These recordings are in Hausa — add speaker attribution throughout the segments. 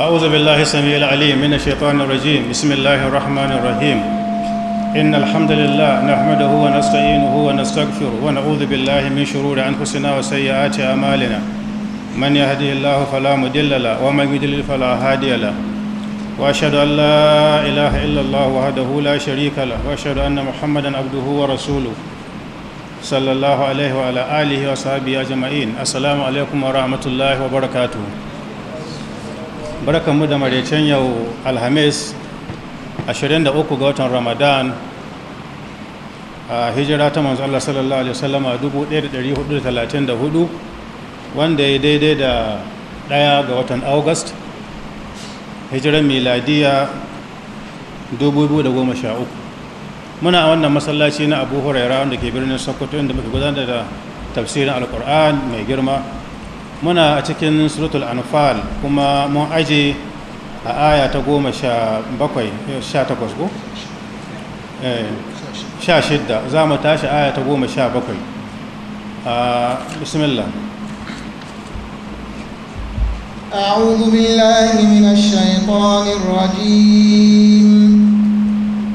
Speaker 1: أعوذ بالله السميع العليم من الشيطان الرجيم بسم الله الرحمن الرحيم إن الحمد لله نحمده ونستعينه ونستغفره ونعوذ بالله من شرور أنفسنا وسيئات أعمالنا من يهدي الله فلا مضل له ومن يضلل فلا هادي له وأشهد أن لا إله إلا الله وحده لا شريك له وأشهد أن محمدا عبده ورسوله صلى الله عليه وعلى آله وصحبه أجمعين السلام عليكم ورحمة الله وبركاته barkanmu da maraicen yau alhamis 23 ga watan ramadan a hijira ta manzo Allah sallallahu alaihi wasallama 1434 wanda ya daidai da ɗaya ga watan august hijirar miladiya 2013 muna a wannan masallaci na abu huraira wanda ke birnin sokoto inda muke gudanar da tafsirin alkur'an mai girma muna a cikin suratul anfal kuma mun aje a aya ta goma sha bakwai eh, sha takwas ko? Eh, sha shidda za mu tashi aya ta goma sha bakwai A ah, bismillah
Speaker 2: أعوذ بالله من الشيطان الرجيم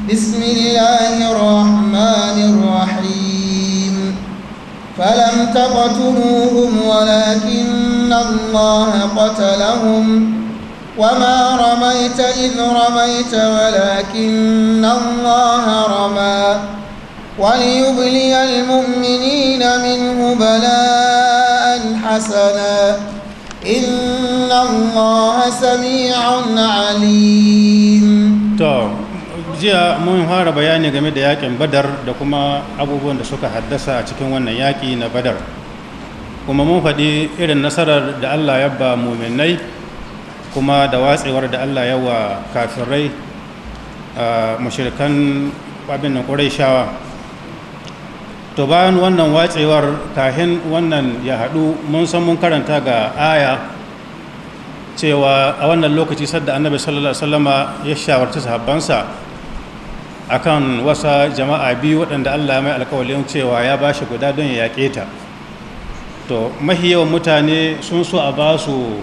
Speaker 2: بسم الله الرحمن الرحيم فلم تقتلوهم ولكن الله قتلهم وما رميت إذ رميت ولكن الله رمى وليبلي المؤمنين منه بلاء حسنا إن الله سميع عليم
Speaker 1: طيب. jiya mun fara bayani game da yakin badar da kuma abubuwan da suka haddasa a cikin wannan yaki na badar kuma mun faɗi irin nasarar da allah ya ba muminai kuma da watsewar da allah ya wa kafirai mashirkan abin da ƙurai shawa to bayan wannan watsewar kahin wannan ya haɗu mun san mun karanta ga aya cewa a wannan lokaci sadda annabi sallallahu alaihi wasallama ya shawarci sahabbansa akan wasa jama'a biyu waɗanda Allah mai alkawalin cewa ya ba shi guda don ya yaƙe ta to mahi yawan mutane sun so a ba su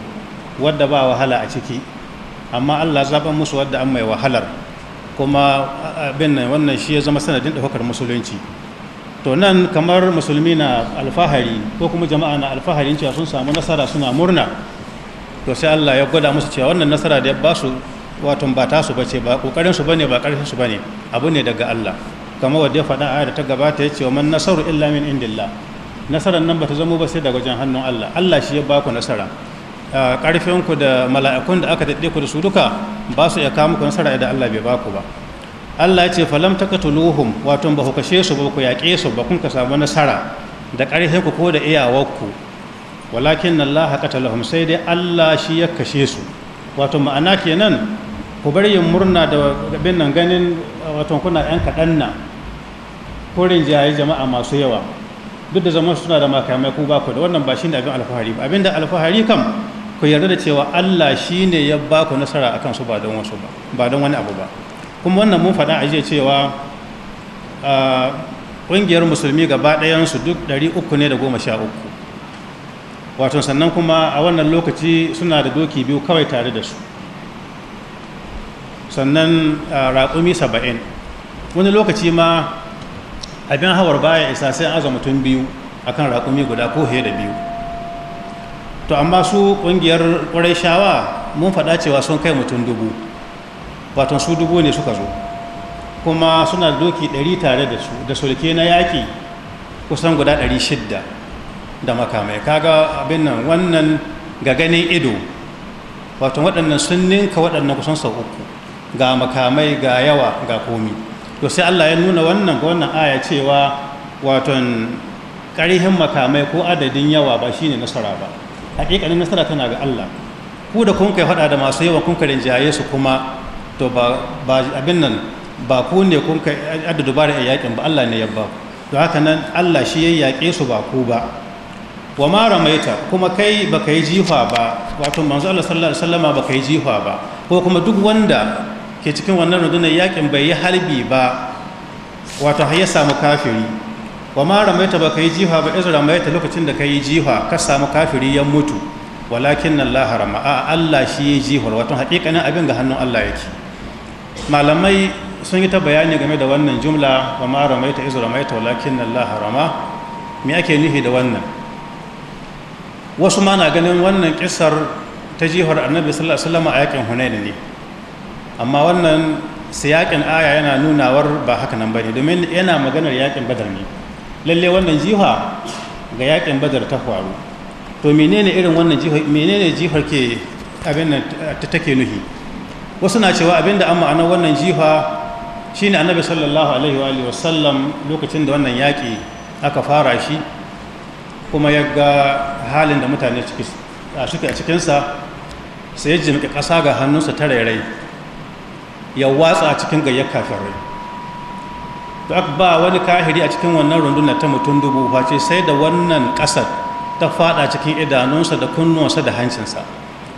Speaker 1: wadda ba wahala a ciki amma Allah zaɓen musu wadda an mai wahalar kuma abin nan wannan shi ya zama sanadin ɗaukar musulunci to nan kamar musulmi na alfahari ko kuma jama'a na alfaharin cewa sun samu nasara suna murna to sai Allah ya gwada musu cewa wannan nasara da ya ba su wato ba ta su ba kokarin su bane ba karfin su bane abu ne daga Allah kamar wanda ya faɗa aya da ta gabata ya ce wa man nasaru illa min indillah nasaran nan ba ta zama ba sai daga wajen hannun Allah Allah shi ya ba ku nasara karfin ku da mala'ikun da aka daɗe ku da su duka ba su iya kawo muku nasara idan Allah bai ba ku ba Allah ya ce falam takatuluhum wato ba ku kashe su ba ku yaƙe su ba kun ka samu nasara da ƙarfin ku ko da iyawarku walakin Allah katalahum sai dai Allah shi ya kashe su wato ma'ana kenan ku bar yin murna da gabin nan ganin watan kuna yan kaɗan na kurin jaye jama'a masu yawa duk da zama suna da makamai ku ba ku da wannan ba shi ne abin alfahari ba abin da alfahari kam ku yarda da cewa Allah shi ne ya ba ku nasara a kansu ba don wasu ba ba don wani abu ba kuma wannan mun faɗa a cewa ƙungiyar musulmi gaba ɗayansu duk ɗari uku ne da goma sha uku wato sannan kuma a wannan lokaci suna da doki biyu kawai tare da su sannan raƙumi saba'in wani lokaci ma abin hawar baya isa sai aza mutum biyu akan raƙumi guda ko da biyu to amma su ƙungiyar ƙwarai shawa mun faɗa cewa sun kai mutum dubu wato su dubu ne suka zo kuma suna doki ɗari tare da su da sulke na yaƙi kusan guda ɗari shidda da makamai kaga abin nan wannan ga ganin ido wato waɗannan sun ninka waɗannan kusan sau uku ga makamai ga yawa ga komi to sai Allah ya nuna wannan ga wannan aya cewa waton ƙarihin makamai ko adadin yawa ba shi ne nasara ba haƙiƙanin nasara tana ga Allah ku da kun kai faɗa da masu yawan kun karin jaye su kuma to ba abin nan ba ku ne kun kai adadu ba da yaƙin ba Allah ne ya to haka nan Allah shi ya yaƙe su ba ku ba wa ma ramaita kuma kai baka yi jifa ba wato manzo Allah sallallahu alaihi wasallama baka yi jifa ba ko kuma duk wanda ke cikin wannan rundunar yakin bai yi halbi ba wato har ya samu kafiri wa ma ramaita ba yi jiha ba izra ramaita lokacin da ka yi jiha ka samu kafiri ya mutu walakin Allah harama a Allah shi yi jihar wato haƙiƙanin abin ga hannun Allah yake malamai sun yi ta bayani game da wannan jumla wa ma ramaita iz ramaita walakin Allah harama me ake nufi da wannan wasu ma na ganin wannan kisar ta jihar annabi sallallahu alaihi wasallam a yakin hunain ne amma wannan siyakin aya yana nunawar ba haka nan bane domin yana maganar yakin badar ne lalle wannan jiha ga yakin badar ta faru to menene irin wannan jiha menene jihar ke abin nan ta take nuhi wasu na cewa abin da an ma'anar wannan jiha shine annabi sallallahu alaihi wa alihi wasallam lokacin da wannan yaki aka fara shi kuma ya ga halin da mutane suke a cikinsa sai ya jimƙi ƙasa ga hannunsa ta rairai ya watsa cikin gayyaka kafirai to ba wani kahiri a cikin wannan rundunar ta mutum dubu face sai da wannan ƙasar ta fada cikin idanunsa da kunnuwansa da hancinsa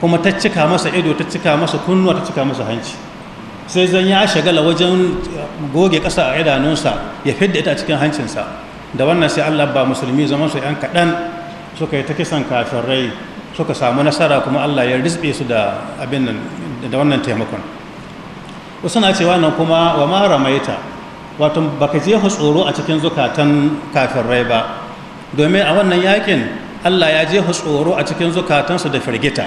Speaker 1: kuma ta cika masa ido ta cika masa kunnuwa ta cika masa hanci sai zan ya shagala wajen goge ƙasa a idanunsa ya fidda ita a cikin hancinsa da wannan sai allah ba musulmi zaman su 'yan kaɗan suka yi ta kisan kafirai suka samu nasara kuma allah ya rizbe su da abin da wannan taimakon wasu na cewa nan kuma wa ma ramaita wato baka jefa tsoro a cikin zukatan kafirai ba domin a wannan yakin allah ya jefa tsoro a cikin zukatansu da firgita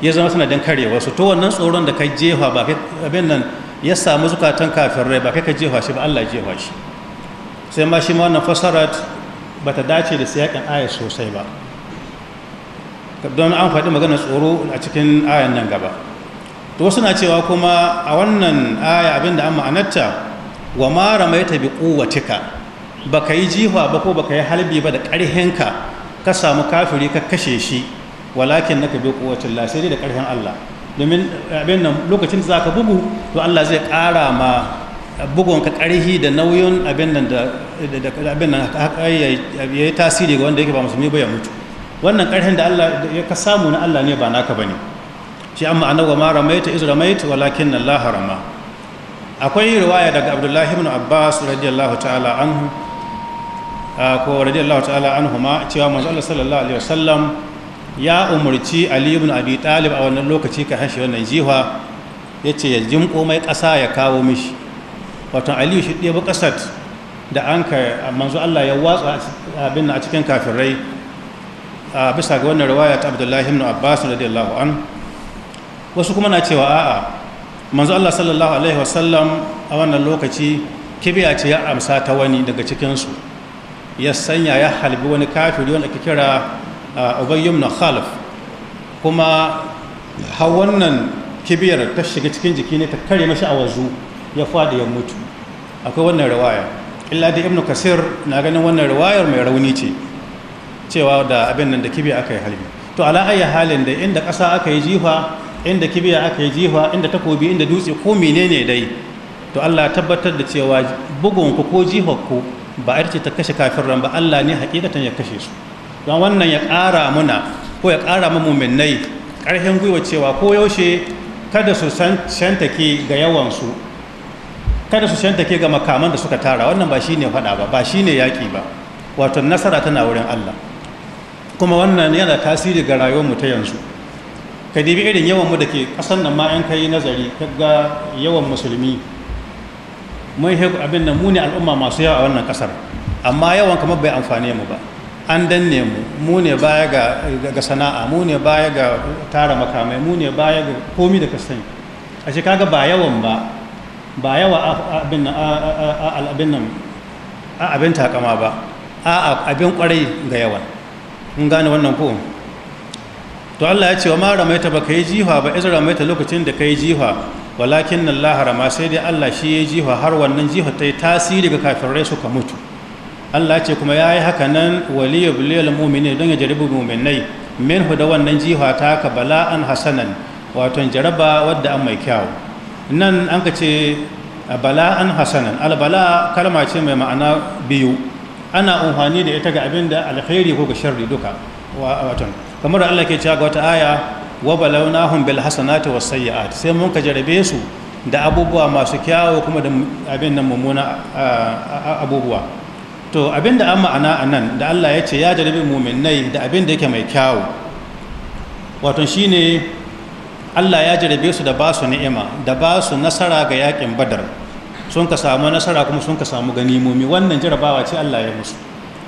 Speaker 1: ya zama suna sanadin karewa su to wannan tsoron da ka jefa ba abin nan ya samu zukatan kafirai ba kai ka jefa shi ba allah jefa shi sai ma shi ma wannan fasarat ba dace da siyakin aya sosai ba don an faɗi maganar tsoro a cikin ayan nan gaba to wasu na cewa kuma a wannan aya abin da an ma'anarta wa ma ramaita bi quwwatika baka yi jiha ba ko baka yi halbi ba da ƙarhinka ka samu kafiri ka kashe shi walakin naka bi quwwatin la sai dai da ƙarhin Allah domin abin nan lokacin da zaka bugu to Allah zai ƙara ma bugun ka ƙarhi da nauyin abin nan da abin nan ya yi tasiri ga wanda yake ba musulmi ba ya mutu wannan ƙarhin da Allah ya ka samu na Allah ne ba naka bane shi an ma'ana wa ma ramaita iz ramaita walakin Allah rama akwai riwaya daga Abdullahi ibn Abbas radiyallahu ta'ala anhu ko radiyallahu ta'ala ma cewa manzo Allah sallallahu alaihi wasallam ya umarci Ali ibn Abi Talib a wannan lokaci ka hashe wannan jiha yace ya jimko mai ƙasa ya kawo mishi wato Ali shi ɗebo kasat da an ka manzo Allah ya watsa abin a cikin kafirai bisa ga wannan riwaya ta Abdullahi ibn Abbas radiyallahu anhu wasu kuma na cewa a'a manzo Allah sallallahu alaihi wasallam a wannan lokaci kibiya ce ya amsa ta wani daga cikinsu ya sanya ya halbi wani kafiri wanda ake kira ubayyum na khalif kuma har wannan kibiyar ta shiga cikin jiki ne ta kare mashi a wazu ya fadi ya mutu akwai wannan rawaya illa da ibnu kasir na ganin wannan rawayar mai rauni ce cewa da abin nan da kibiya aka yi halbi to ala ayya halin da inda ƙasa aka yi jifa inda kibiya aka yi jifa inda takobi inda dutse ko menene dai to Allah tabbatar da cewa bugun ku ko jihar ku ba a ta kashe kafin ba Allah ne hakikatan ya kashe su don wannan ya ƙara muna ko ya ƙara mu muminai ƙarfin gwiwa cewa ko yaushe kada su shantake ga yawansu kada su shantake ga makaman da suka tara wannan ba shine faɗa ba ba shine yaƙi ba wato nasara tana wurin Allah kuma wannan yana tasiri ga rayuwar mu ta yanzu ka dibi irin yawan mu da ke kasan nan ma in ka yi nazari ga yawan musulmi mun haiku abin nan mu ne al'umma masu yawa a wannan ƙasar amma yawan kamar bai amfane mu ba an danne mu mu ne baya ga sana'a mu ne baya ga tara makamai mu ne baya ga komi da ka a shi kaga ba yawan ba ba yawa abin nan a abin takama ba a abin kwarai ga yawan mun gane wannan ko to Allah ya ce wa ma ramaita ba ka yi jiha ba iz ramaita lokacin da ka yi jiha walakin Allah harama sai dai Allah shi ya jiha har wannan jiha ta yi tasiri ga kafirai suka mutu Allah ya ce kuma ya yi haka nan waliyu biliyal mu'minin don ya jaribu mu'minai min da wannan jiha ta ka bala'an hasanan wato jaraba wadda an mai kyawu nan an ka ce bala'an hasanan albala kalma ce mai ma'ana biyu ana amfani da ita ga abin da alkhairi ko ga sharri duka wato kamar da Allah ke cewa ga wata aya wa balawnahum bil hasanati was sayyi'at sai mun ka jarabe su da abubuwa masu kyawu kuma da abin nan mummuna abubuwa to abin da an ma'ana anan da Allah ya ce ya jarabe mu'minai da abin da yake mai kyawu wato shine Allah ya jarabe su da basu su ni'ima da ba nasara ga yakin Badar sun ka samu nasara kuma sun ka samu ganimomi wannan jarabawa ce Allah ya musu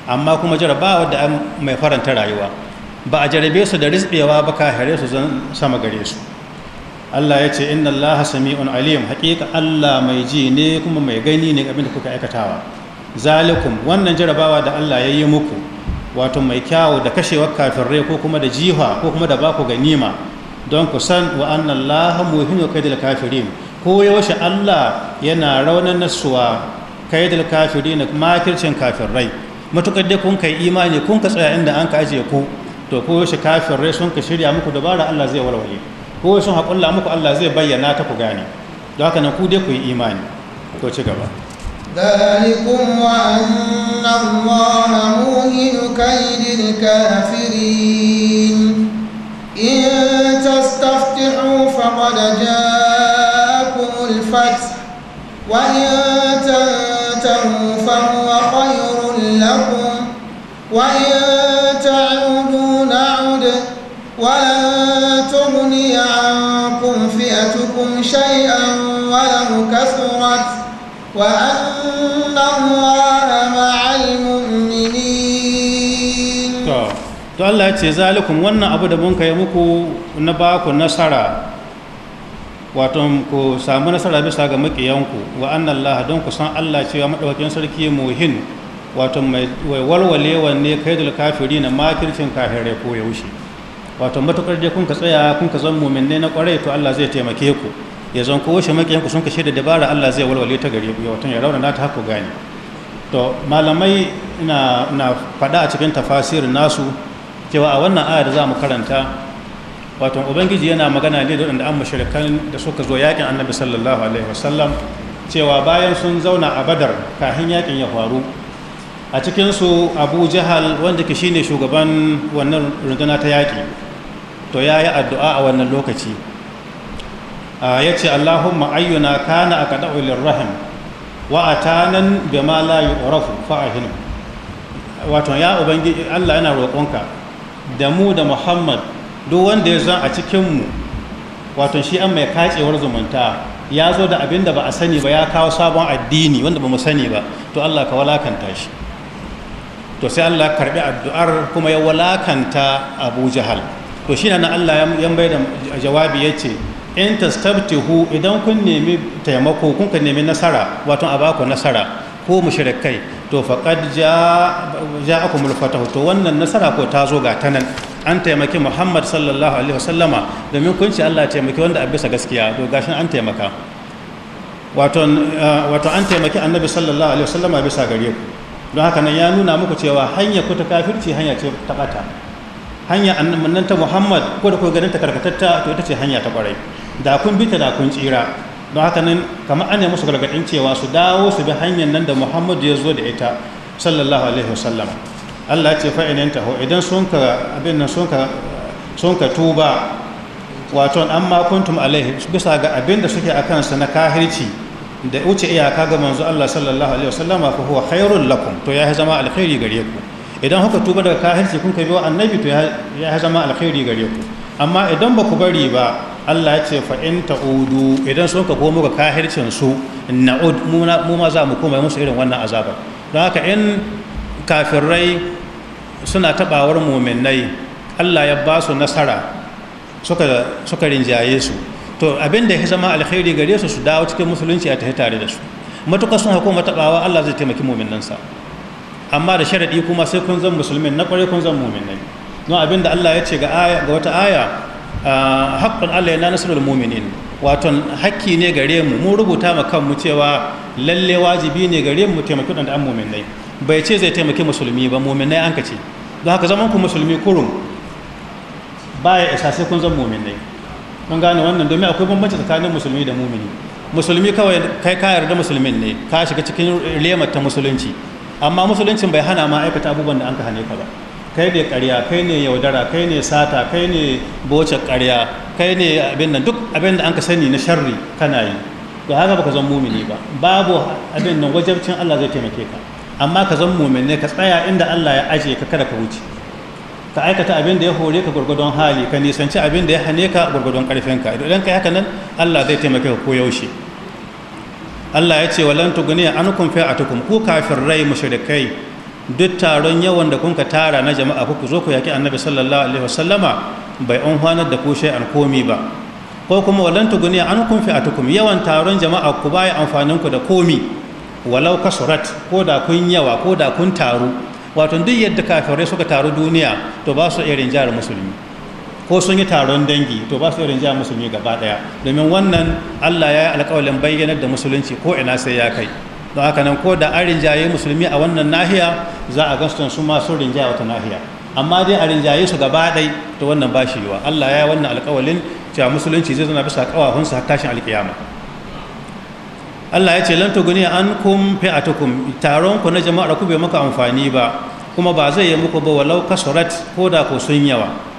Speaker 1: amma kuma jarabawa da mai faranta rayuwa ba a jarabe su da rizbewa ba kahare su zan sama gare su Allah ya ce inna Allah sami'un alim haƙiƙa Allah mai ji ne kuma mai gani ne abin da kuka aikatawa zalikum wannan jarabawa da Allah ya yi muku wato mai kyawu da kashewar kafirai ko kuma da jiha ko kuma da baku ganima don ku san wa anna Allah muhinu kaidil kafirin ko yaushe Allah yana raunan nasuwa kaidil kafirin makircin kafirai matukar dai kun kai imani kun ka tsaya inda an ka ajiye ku to ko yaushe kafirai sun ka shirya muku dabara Allah zai warware ko sun haƙulla muku Allah zai bayyana ta ku gane don haka nan ku dai ku yi imani to ci gaba
Speaker 2: ذلكم وأن الله موهن كيد الكافرين إن تستفتحوا فقد جاءكم الفتح وإن تنتهوا فهو خير لكم وإن شيئا ولو كثرت وأن الله مع المؤمنين
Speaker 1: to Allah ya ce wannan abu da mun kai muku na ba ku nasara wato ku samu nasara bisa ga makiyanku wa annan Allah don ku san Allah cewa maɗaukin sarki muhin wato mai walwalewa ne kaidul kafiri na makircin kafirai ko yaushe wato matukar dai kun ka tsaya kun ka zan muminai na kwarai to Allah zai taimake ku ya zan kowa shi makiyanku sun kashe da dabara Allah zai walwale ta gari. ku wato ya na ta haku gane to malamai na na faɗa a cikin tafasirin nasu cewa a wannan ayar za mu karanta wato ubangiji yana magana ne da wanda an mushrikan da suka zo yakin annabi sallallahu alaihi wasallam cewa bayan sun zauna a badar kafin yakin ya faru a cikinsu abu jahal wanda ke shine shugaban wannan runduna ta yaƙi to ya yi addu'a a wannan lokaci ya ce allahumma ayyuna kana a kaɗa rahim wa a tanan bi ma la yu'rafu fa'ahinu wato ya ubangiji allah yana roƙonka da mu da muhammad duk wanda ya zan a cikinmu wato shi an mai kacewar zumunta ya zo da abin da ba a sani ba ya kawo sabon addini wanda ba mu sani ba to Allah ka walakanta shi to sai Allah karɓi addu'ar kuma ya walakanta Abu Jahal to shi nan Allah ya bai da jawabi ya ce in tastabtihu idan kun nemi taimako kun ka nemi nasara wato a baku nasara ko mushrikai to faqad ja'akumul fatahu to wannan nasara ko ta zo ga nan an taimaki Muhammad sallallahu alaihi wasallama domin kun ce Allah taimaki wanda a bisa gaskiya to gashin an taimaka eh, wato an taimaki annabi sallallahu alaihi wasallama bisa gare ku don haka nan ya nuna muku cewa hanya ku ta kafirci hanya ce ta ƙata hanya nan ta muhammad ko da kuka ganin ta karkatatta to ita ce hanya ta kwarai da kun bi ta da kun tsira don haka nan kamar an yi musu gargaɗin cewa su dawo su bi hanyar nan da Muhammad ya zo da ita sallallahu alaihi wasallam allah ce fa'inin ho idan sun ka abin nan sun ka sun ka tuba wato an ma kuntum alaihi bisa ga abin da suke akan sa na kahirci da wuce iyaka ga manzo allah sallallahu alaihi wasallam fa huwa khairul lakum to ya zama alkhairi gare ku idan haka tuba daga kahirci kun kai wa annabi to ya zama alkhairi gare ku amma idan ba ku bari ba Allah ya ce fa in ta'udu idan sun ka komo ga kahircin su na'ud mu ma za mu koma musu irin wannan azabar don haka in kafirai suna tabawar muminai Allah ya ba su nasara suka suka rinjaye su to abin da ya zama alkhairi gare su su dawo cikin musulunci a tafi tare da su matuƙa sun hukuma tabawa Allah zai taimaki muminansa amma da sharaɗi kuma sai kun zan musulmin na ƙwarai kun zan muminai don abin da Allah ya ce ga wata aya haƙƙun Allah yana nasarar muminin waton hakki ne gare mu mu rubuta ma kanmu cewa lalle wajibi ne gare mu taimaki da an muminai bai ce zai taimaki musulmi ba muminai an ka ce don haka zaman ku musulmi kurum ba ya isa sai kun zan muminai mun gane wannan domin akwai bambanci tsakanin musulmi da mumini musulmi kawai kai ka yarda musulmin ne ka shiga cikin lemar ta musulunci amma musuluncin bai hana ma aikata abubuwan da an ka hane ka ba kai ne karya kai ne yaudara kai ne sata kai ne boce karya kai ne abin nan duk abin da an ka sani na sharri kana yi to haka baka zan mumini ba babu abin nan wajabcin Allah zai taimake ka amma ka zan mumin ne ka tsaya inda Allah ya aje ka kada ka wuce ka aikata abin da ya hore ka gurgudon hali ka nisanci abin da ya hane ka gurgudon karfin ka idan kai haka nan Allah zai taimake ka ko yaushe Allah ya ce walan tuguniya an kun fi a tukun ku kafirai mushrikai duk taron yawan da kun ka tara na jama'a ku zo ku yaki annabi sallallahu alaihi wasallama bai an hwanar da ku an komi ba ko kuma walan tuguniya an kun fi a tukun yawan taron jama'a ku ya amfanin ku da komi walau kasurat ko da kun yawa ko da kun taru wato duk yadda kafirai suka taru duniya to ba su irin jihar musulmi ko sun yi taron dangi to ba su yi rinjaya musulmi gaba daya domin wannan allah ya yi alkawalin bayyanar da musulunci ko ina sai ya kai don haka nan ko da an rinjaye musulmi a wannan nahiya za a gaston su masu sun rinjaya wata nahiya amma dai a rinjaye su gaba ɗai to wannan ba shi yiwa allah ya yi wannan alkawalin cewa musulunci zai zana bisa kawahunsa har tashin alkiyama allah ya ce lan tuguni an a tukun taron ku na jama'ar ku bai maka amfani ba kuma ba zai yi muku ba walau kasurat ko da ku sun yawa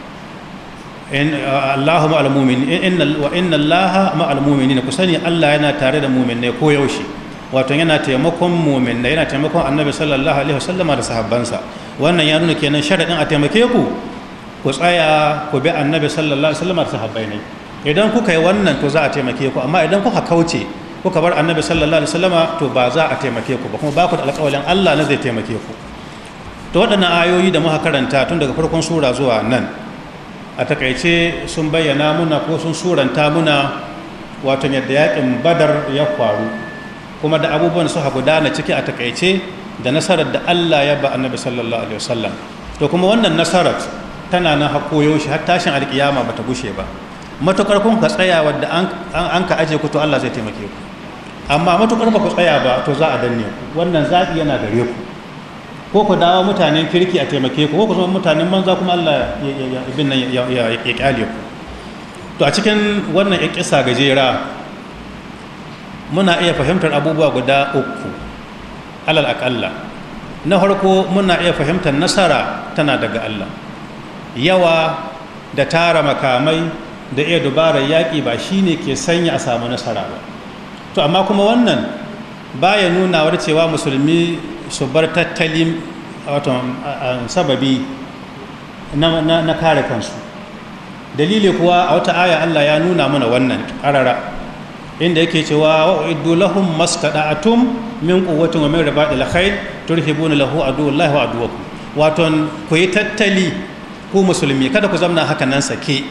Speaker 1: in Allahu ma'al wa inna Allaha ma'al mu'minin ku sani Allah yana tare da mu'minai ko yaushe wato yana taimakon mu'minai yana taimakon Annabi sallallahu alaihi wasallam da sahabbansa wannan ya nuna kenan sharadin a taimake ku ku tsaya ku bi Annabi sallallahu alaihi wasallam da sahabbai ne idan kuka yi wannan to za a taimake ku amma idan kuka kauce kuka bar Annabi sallallahu alaihi wasallam to ba za a taimake ku ba kuma ba ku da alƙawalin Allah na zai taimake ku to waɗannan ayoyi da muka karanta tun daga farkon sura zuwa nan a takaice sun bayyana muna ko sun suranta muna wato yadda yakin badar ya faru kuma da abubuwan su da na ciki a takaice da nasarar da Allah ya ba annabi sallallahu alaihi wasallam to kuma wannan nasarar tana na har har tashin alkiyama ta gushe ba matukar kun ka tsaya wadda an ka aje ku to Allah zai taimake ku amma matukar ba ku tsaya ba to za a danne ku wannan zaɓi yana gare ku ko ku dawo mutanen kirki a taimake ku ko ku zama mutanen manza kuma Allah ya kyale ku to a cikin wannan ƙisa gajera muna iya fahimtar abubuwa guda uku alal akalla na farko muna iya fahimtar nasara tana daga Allah yawa da tara makamai da iya dubarar yaƙi ba shine ke sanya a samu nasara ba to amma kuma wannan baya nuna cewa musulmi su bar tattalin um, uh, um, sababi na kare kansu dalili kuwa a wata aya Allah ya nuna mana wannan ƙarara inda yake cewa wa uiddu lahum mastada'atum min quwwatin wa min ribatil khayl turhibuna lahu aduwallahi wa aduwakum wato ku yi tattali ku musulmi kada ku zamna haka nan sake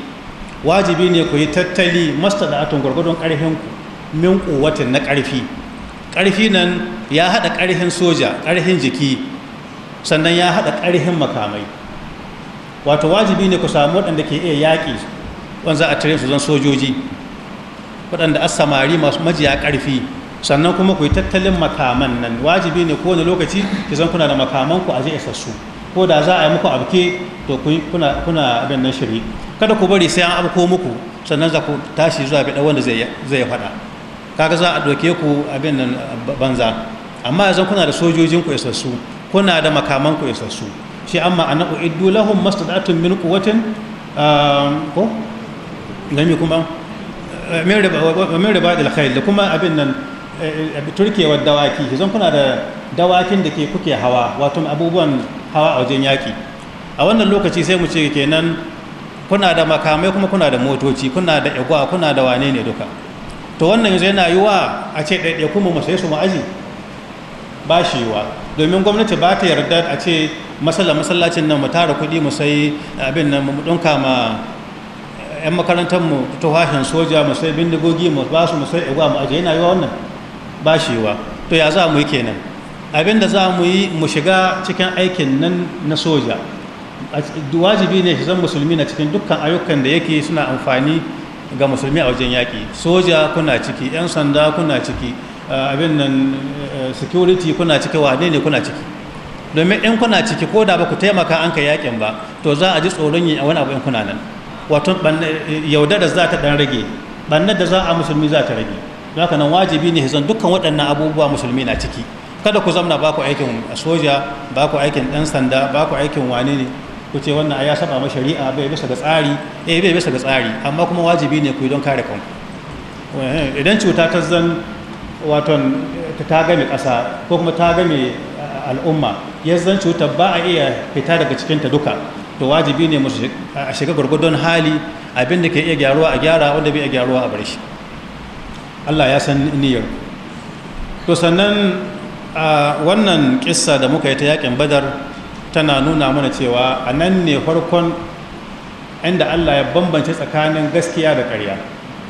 Speaker 1: wajibi ne ku yi tattali mastada'atum gurgudun ƙarfin ku min quwwatin na ƙarfi ƙarfi nan ya haɗa ƙarfin soja ƙarfin jiki sannan ya haɗa ƙarfin makamai wato wajibi ne ku samu waɗanda ke iya yaƙi wanda za a tare su zan sojoji waɗanda a samari masu majiya ƙarfi sannan kuma ku yi tattalin makaman nan wajibi ne kowane lokaci ki zan kuna da makaman ku a je isassu ko da za a yi muku abke to kuna kuna abin shiri kada ku bari sai an abko muku sannan za ku tashi zuwa bi wanda zai zai faɗa kaga za a doke ku abin nan banza amma yanzu kuna da sojojin ku isassu kuna da makaman ku isassu shi amma ana uiddu lahum mastata'atun min quwwatin ah, ko gami kuma eh, min da khayl da kuma abin nan eh, eh, turkewar dawaki yanzu kuna da dawakin da ke kuke hawa wato abubuwan hawa a wajen yaki a wannan lokaci sai mu ce kenan kuna da makamai kuma kuna da motoci kuna da igwa kuna da wane ne duka to wannan yanzu yana wa a ce ɗaiɗaya kuma mu sai su ba shi wa domin gwamnati ba ta yarda a ce masala masallacin nan mu tara kuɗi mu sai abin nan mu ɗunka ma 'yan eh, makarantar mu tuhahin soja mu sai bindigogi mu ba su mu sai igwa mu aje yana wa wannan ba shi wa to ya za mu yi kenan abin da za mu yi mu shiga cikin aikin nan na soja wajibi ne shi zan musulmi na cikin dukkan ayyukan da yake suna amfani ga musulmi a wajen yaƙi soja kuna ciki 'yan sanda kuna ciki abin nan security kuna ciki wane ne kuna ciki domin in kuna ciki ko da ba ku taimaka an ka yaƙin ba to za a ji tsoron yi a wani abu in kuna nan wato da za ta ɗan rage bannar da za a musulmi za ta rage za ka nan wajibi ne zan dukkan waɗannan abubuwa musulmi na ciki kada ku zamna ba ku aikin soja ba ku aikin ɗan sanda ba ku aikin wane ne ku ce wannan ya saba ma shari'a bai bisa ga tsari eh bai bisa ga tsari amma kuma wajibi ne ku yi don kare kanku eh, idan cuta ta zan waton ta game ƙasa ko kuma ta game al'umma ya zan cuta ba a iya fita daga cikinta duka to wajibi ne a shiga gwargwadon hali abin da ke iya gyaruwa a gyara wanda bai iya gyaruwa a bar shi allah ya san niyyar to sannan wannan kissa da muka yi ta yakin badar tana nuna mana cewa a nan ne farkon inda Allah ya bambance tsakanin gaskiya da ƙarya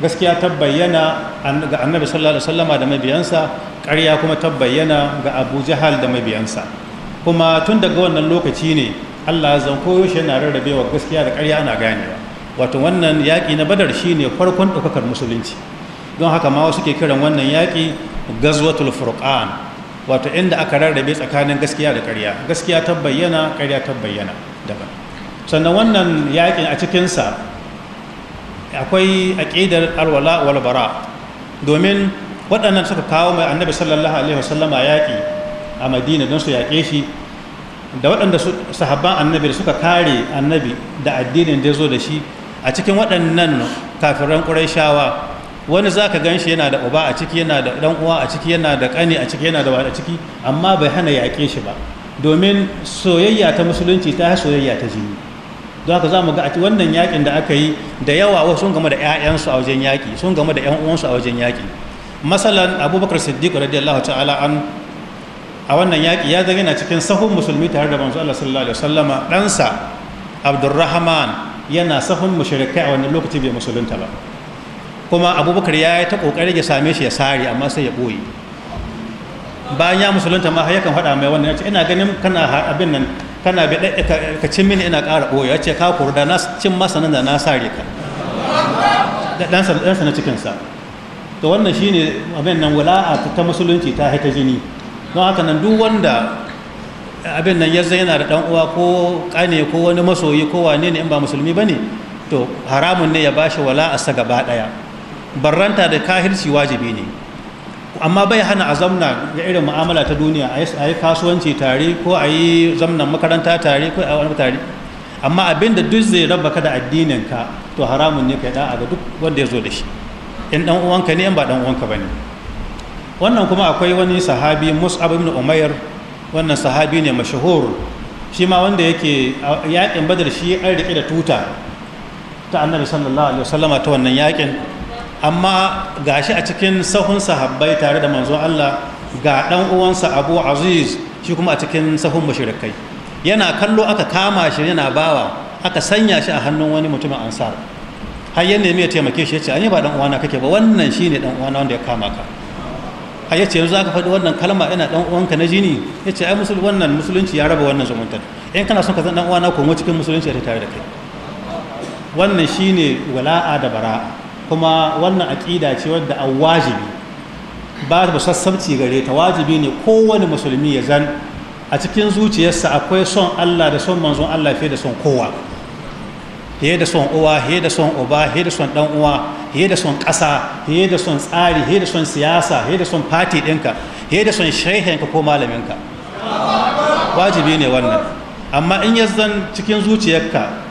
Speaker 1: gaskiya ta bayyana ga annabi sallallahu alaihi wasallama da mabiyansa ƙarya kuma ta bayyana ga Abu Jahal da mabiyansa kuma tun daga wannan lokaci ne Allah zan koyo shi yana rarrabewa gaskiya da ƙarya ana ganewa wato wannan yaƙi na Badar shi ne farkon ɗaukakar musulunci don haka ma wasu ke kiran wannan yaƙi gazwatul furqan wato inda aka rarrabe tsakanin gaskiya da ƙarya gaskiya ta bayyana ƙarya ta bayyana daban sannan wannan yakin a cikinsa akwai aƙidar alwala wal domin waɗannan suka kawo mai annabi sallallahu alaihi wasallama yaƙi a madina don su yaƙe shi da waɗanda sahabban annabi da suka kare annabi da addinin da ya zo da shi a cikin waɗannan kafiran shawa. wani za ka gan shi yana da uba a ciki yana da ɗan uwa a ciki yana da ƙani a ciki yana da wani a ciki amma bai hana yaƙe shi ba domin soyayya ta musulunci ta yi soyayya ta jini don haka za mu ga wannan yaƙin da aka yi da yawa wasu sun gama da 'ya'yansu a wajen yaƙi sun gama da 'yan uwansu a wajen yaƙi masalan abubakar siddiq radiyallahu ta'ala an a wannan yaƙi ya zama yana cikin sahun musulmi tare da manzo Allah sallallahu alaihi wasallama ɗansa abdurrahman yana sahun mushrikai a wannan lokaci bai musulunta ba kuma abubakar ya yi ta ƙoƙari ya same shi ya sare amma sai ya ɓoye bayan ya musulunta ma yakan faɗa mai wannan ya ce ina ganin kana abin nan kana bi ka cin mini ina ƙara ɓoye ya ce ka da na cin masa nan da na sare ka ɗansa na cikinsa to wannan shine abin nan wala'a ta musulunci ta haita jini don haka nan duk wanda abin nan ya yana da ɗan uwa ko ƙane ko wani masoyi ko wane ne in ba musulmi ba ne to haramun ne ya bashi wala'arsa gaba ɗaya barranta da kahirci wajibi ne amma bai hana a zamna ga irin mu'amala ta duniya a yi kasuwanci tare ko a yi zamnan makaranta tare ko a wani tare amma abin da duk zai rabba ka da addininka to haramun ne ka yi a ga duk wanda ya zo da shi in dan uwanka ne in ba dan uwanka bane wannan kuma akwai wani sahabi mus'ab ibn umair wannan sahabi ne mashahur shi ma wanda yake yaƙin badar shi an rike da tuta ta annabi sallallahu alaihi wasallama ta wannan yakin amma gashi a cikin sahun sahabbai tare da manzon Allah ga dan uwansa Abu Aziz shi kuma a cikin sahun mushrikai yana kallo aka kama shi yana bawa aka sanya shi a hannun wani mutumin ansar har ya nemi ya taimake shi ya ce an yi ba dan uwana kake ba wannan shine dan uwana wanda ya kama ka a ya ce yanzu aka faɗi wannan kalma ina dan uwanka na jini ya ce ai musul wannan musulunci ya raba wannan zumuntar in kana son ka zan dan uwana ko mu cikin musulunci ya tare da kai wannan shine wala'a da bara'a kuma wannan aƙida ce wadda a wajibi ba da sassabci gare ta wajibi ne kowane musulmi ya zan a cikin zuciyarsa akwai son Allah da son manzon Allah fiye da son kowa fiye da son uwa fiye da son uba fiye da son dan uwa fiye da son ƙasa fiye da son tsari fiye da son siyasa fiye da son fati ɗinka fiye da son shehenka ko malaminka wajibi ne wannan amma in ya zan cikin zuciyarka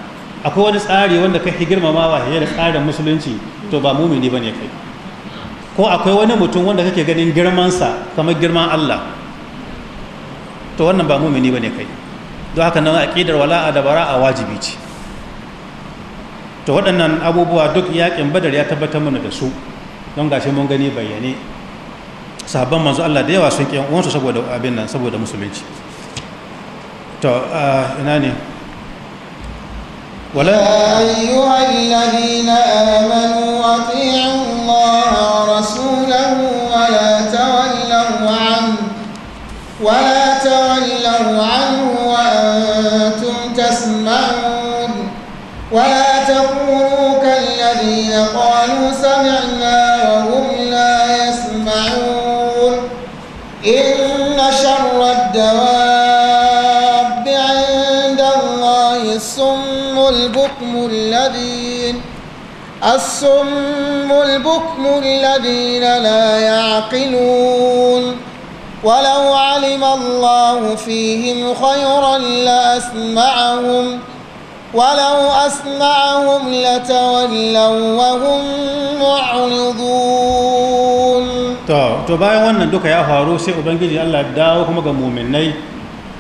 Speaker 1: akwai wani tsari wanda kake girmamawa ya da tsarin musulunci to ba mumini bane kai ko akwai wani mutum wanda kake ganin girmansa kamar girman Allah to wannan ba mumini bane kai don haka nan aqidar wala'a da bara'a wajibi ce to waɗannan abubuwa duk yaƙin badar ya tabbatar mana da su don gashi mun gani bayyane sahabban manzo Allah da yawa sun ƙi uwansu saboda abin nan saboda musulunci to ah, ina ne ولا أيها
Speaker 2: الذين آمنوا أطيعوا الله ورسوله ولا تولوا عنه ولا تولوا عنه وأنتم تسمعون ولا تكونوا كالذين قالوا سمعنا وهم لا يسمعون إن شر الدواب الصم البكم الذين لا يعقلون ولو علم الله فيهم خيرا لأسمعهم ولو أسمعهم لتولوا وهم معرضون
Speaker 1: to bayan wannan duka ya faru sai ubangiji Allah ya dawo kuma ga muminai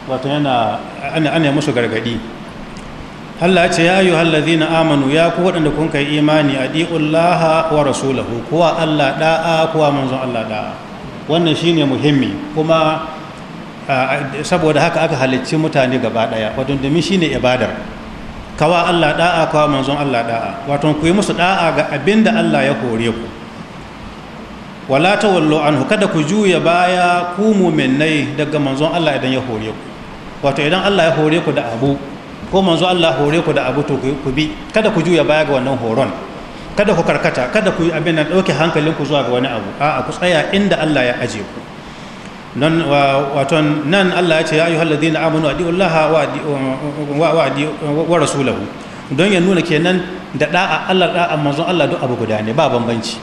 Speaker 1: wato yana ana musu gargadi Allah ce ya ayu hallazina amanu ya ku waɗanda kun kai imani adiullaha wa rasulahu kuwa Allah da'a kuwa manzon Allah da'a wannan shine muhimmi kuma saboda haka aka halicci mutane gaba daya wato domin shine ibadar kawa Allah da'a kawa manzon Allah da'a wato ku yi musu da'a ga abinda Allah ya hore ku wala tawallu anhu kada ku juya baya ku mu'minnai daga manzon Allah idan ya hore ku wato idan Allah ya hore ku da abu ko manzo Allah hore ku da abu to ku bi kada ku juya baya ga wannan horon kada ku karkata kada ku abin nan dauke hankalin ku zuwa ga wani abu a'a ku tsaya inda Allah ya aje ku nan wato nan Allah ya ce ya ayyuhal ladina amanu adiullaha wa wa wa rasulahu don ya nuna kenan da da'a Allah da'a manzo Allah duk abu guda ne ba bambanci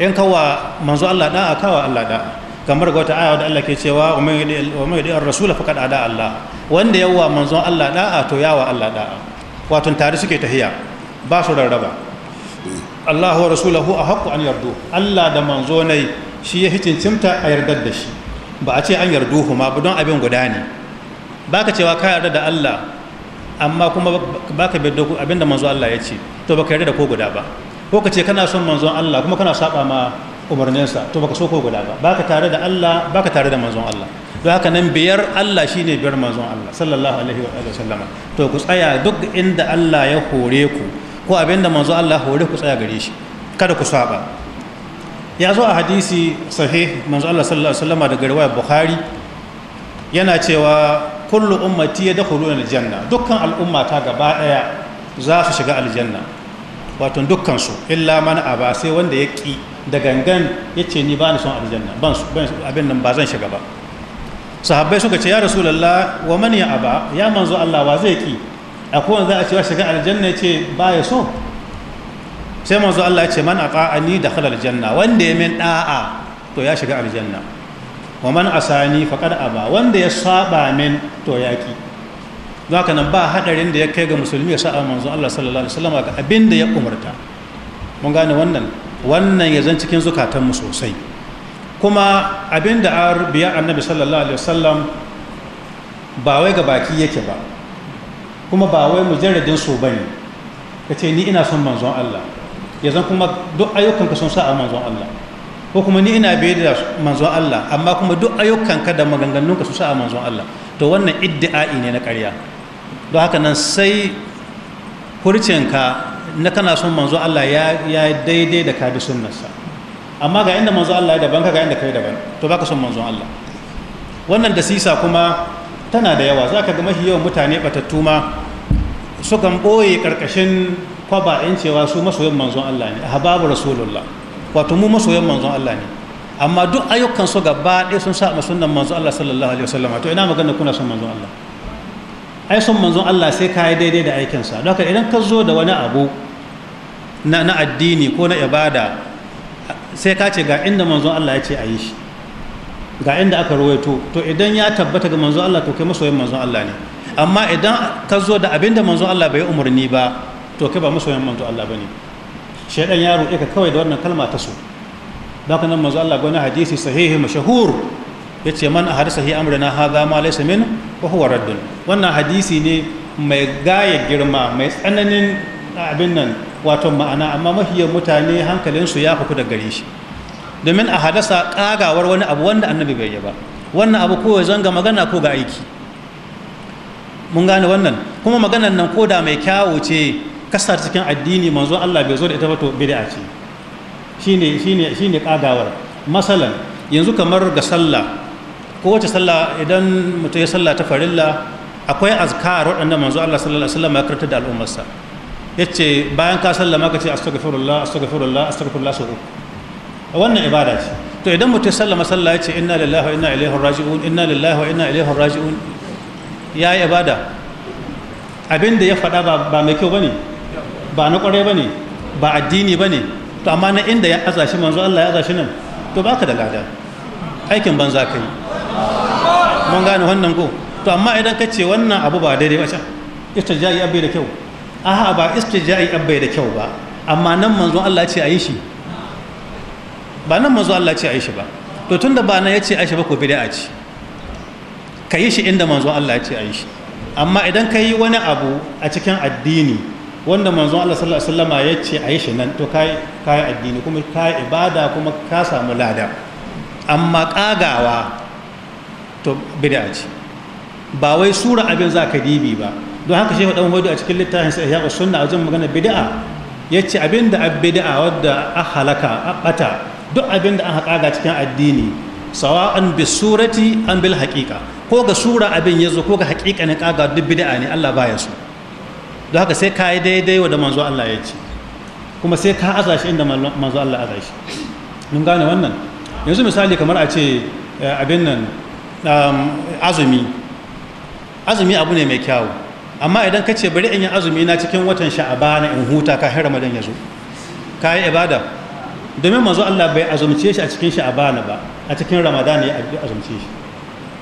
Speaker 1: in kawa manzo Allah da'a kawa Allah da'a kamar ga wata aya da Allah ke cewa wa mai yadi ar-rasul faqad Allah wanda yawa manzon Allah da'a to yawa Allah da'a wato tare suke tahiya ba su rarraba Allahu wa a ahqqu an yardu Allah da manzo nai shi ya hicincinta a yardar da shi ba a ce an yardu ma ba don abin guda ne baka cewa ka yarda da Allah amma kuma baka yarda abin da manzo Allah ya ce to baka yarda da ko guda ba ko ka ce kana son manzon Allah kuma kana saba ma umarninsa to baka so ko guda ba baka tare da Allah baka tare da manzon Allah don haka nan biyar Allah shine biyar manzon Allah sallallahu alaihi wa sallama to ku tsaya duk inda Allah ya hore ku ko abinda manzon Allah hore ku tsaya gare shi kada ku saba ya zo a hadisi sahih manzon Allah sallallahu alaihi wa sallama daga riwayar Bukhari yana cewa kullu ummati yadkhuluna aljanna dukkan al'umma ta gaba daya za su shiga aljanna wato dukkan su illa man aba sai wanda ya ki da gangan ya ce ni ba ni son aljanna ban abin nan ba zan shiga ba sahabbai suka ce ya rasulallah wa man ya aba ya manzo Allah wa zai ki a kowane za a ce wa shiga aljanna ya ce ba ya so sai manzo Allah ya ce man ata'ani dakhala aljanna wanda ya min da'a to ya shiga aljanna wa man asani faqad aba wanda ya saba min to ya ki haka nan ba hadarin da ya kai ga musulmi ya sa'a manzo Allah sallallahu alaihi wasallam ga abin da ya umarta mun gane wannan wannan ya zan cikin zukatanmu sosai kuma abin da an biya annabi sallallahu alaihi wasallam ba wai ga baki yake ba kuma ba wai mujarradin so bane kace ni ina son manzon Allah ya zan kuma duk ka sun sa a manzon Allah ko kuma ni ina bai da manzon Allah amma kuma duk ka da maganganun ka sun sa a manzon Allah to wannan iddi'a'i ne na ƙarya don haka nan sai furcinka na kana son manzo Allah ya daidai da ka bi sunnarsa amma ga inda manzo Allah ya daban ka ga inda kai daban to baka son manzo Allah wannan da sisa kuma tana da yawa zaka ga mafi yawan mutane batattu ma kan ɓoye ƙarƙashin kwaba in cewa su masoyan manzo Allah ne ahbabu rasulullah wato mu masoyan manzo Allah ne amma duk ayyukan su gaba ɗaya sun sa ma sunnan manzo Allah sallallahu alaihi wasallam to ina magana kuna son manzo Allah ai son manzon Allah sai ka yi daidai da aikinsa don haka idan ka zo da wani abu na addini ko na ibada sai ka ce ga inda manzon Allah ya ce a yi shi ga inda aka rawaito to idan ya tabbata ga manzon Allah to kai masoyin manzon Allah ne amma idan ka zo da abin da manzon Allah bai umarni ba to kai ba masoyin manzon Allah bane shaidan ya roƙe ka kawai da wannan kalma ta so haka nan manzon Allah gwani hadisi sahihi mashahur yace man aharsa hi amrina hadha ma laysa min wa huwa raddun wannan hadisi ne mai gaya girma mai tsananin abin nan wato ma'ana amma mahiyar mutane hankalinsu ya fi da gare shi domin a hadasa kagawar wani abu wanda annabi bai yi ba wannan abu ko zanga magana ko ga aiki mun gane wannan kuma maganar nan ko da mai kyawo ce kasa cikin addini manzo Allah bai zo da ita ba to bid'a ce shine shine shine kagawar masalan yanzu kamar ga sallah ko wace sallah idan mutum ya sallah ta farilla akwai azkar waɗanda manzo Allah sallallahu alaihi wasallam ya karanta da al'ummarsa Ya ce bayan ka sallama ka ce Astagfirullah, Astagfirullah, Astagfirullah sau uku wannan ibada ce to idan mutum sallama sallah ce, inna lillahi wa inna ilaihi raji'un inna lillahi wa inna ilaihi raji'un ya yi ibada abin da ya faɗa ba mai kyau bane ba na kwarai bane ba addini bane to amma na inda ya aza shi manzo Allah ya aza shi nan to baka da lada aikin banza kai mun gane wannan ko to amma idan ka ce wannan abu ba daidai ba can ita jayi abai da kyau aha ba istijai abai da kyau ba amma nan manzo Allah ce a yi shi ba nan manzo Allah ce a yi shi ba to tunda ba nan yace a shi ba ko bid'a ce ka yi shi inda manzo Allah ce a yi shi amma idan kai yi wani abu a cikin addini wanda manzo Allah sallallahu alaihi wasallama ya ce a yi shi nan to kai kai addini kuma kai ibada kuma ka samu lada amma kagawa to bid'a ce ba wai sura abin za ka dibi ba don haka shi faɗa wadu a cikin littafin sai ya sunna a wajen magana bid'a yace abinda bid'a wadda a halaka a bata duk abinda an haƙa ga cikin addini sawa'an bi surati an bil haqiqa ko ga sura abin yazo ko ga haqiqa ne kaga duk bid'a ne Allah baya so don haka sai ka yi daidai wa da manzo Allah ya ce kuma sai ka aza shi inda manzo Allah aza shi mun gane wannan yanzu misali kamar a ce eh, abin nan um, azumi azumi abu ne mai kyawu amma idan ka ce bari in yi azumi na cikin watan sha'abana in huta ka hira madan ya zo ka yi ibada domin manzo Allah bai azumce shi a cikin sha'abana ba a cikin ramadana ya azumce shi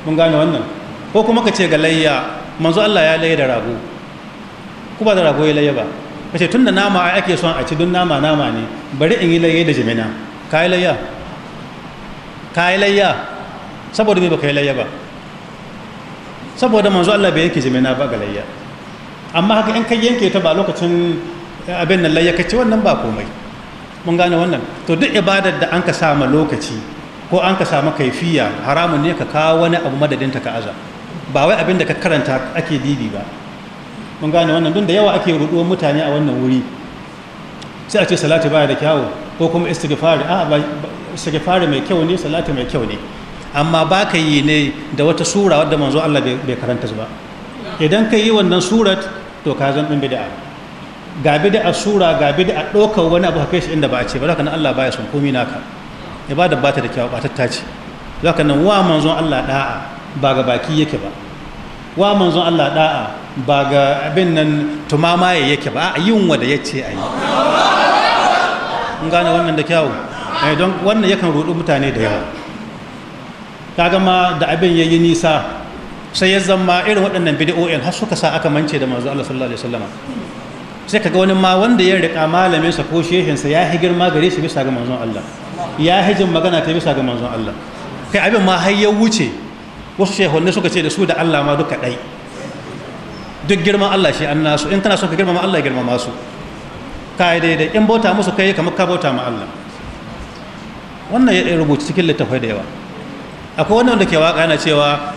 Speaker 1: mun gane wannan ko kuma ka ce ga layya manzo Allah ya layya da rago ku ba da rago ya layya ba kace tun da nama ake son a ci dun nama nama ne bari in yi layya da jimina ka yi layya ka yi layya saboda me baka yi layya ba saboda manzo Allah bai yake jimina ba ga layya amma haka in ka yanke ta ba lokacin eh, abin nan layyaka ce wannan ba komai mun gane wannan to duk ibadar da an ka sama lokaci ko an ka sama kaifiya haramun ne ka kawo wani abu madadin ta ka aza ba wai abin da ka karanta ake bibi ba mun gane wannan don da yawa ake ruduwar mutane a wannan wuri sai a ce salatu baya da kyawu ko kuma istighfari a mai kyau ne salatu mai kyau ne amma ba ka yi ne da wata sura wadda manzo Allah bai karanta ba idan ka yi wannan surat to ka zan ɗin bida'a ga bida'a sura ga bida'a ɗaukar wani abu haka shi inda ba a ce ba za ka nan Allah baya son komi naka ibada ba ta da kyau ba ta ce za ka nan wa manzon Allah da'a ba ga baki yake ba wa manzon Allah da'a ba ga abin nan ya yake ba a yin wanda ya ce a yi gane wannan da kyawu eh, don wannan yakan rudu mutane da yawa kaga ma da abin ya yi nisa sai ya zama irin waɗannan bid'o'in har suka sa aka mance da manzo Allah sallallahu alaihi wasallam sai kaga wani ma wanda ya riƙa malamin sa ko shehin sa ya higir girma gare shi bisa ga manzon Allah ya hijin magana ta bisa ga manzon Allah kai abin ma har ya wuce wasu shehunne suka ce da su da Allah ma duka ɗai duk girman Allah shi an nasu in kana so ka girmama Allah ya girmama su kai daidai in bauta musu kai kamar ka bauta ma Allah wannan ya rubuta cikin littafai da yawa akwai wanda wanda ke waka yana cewa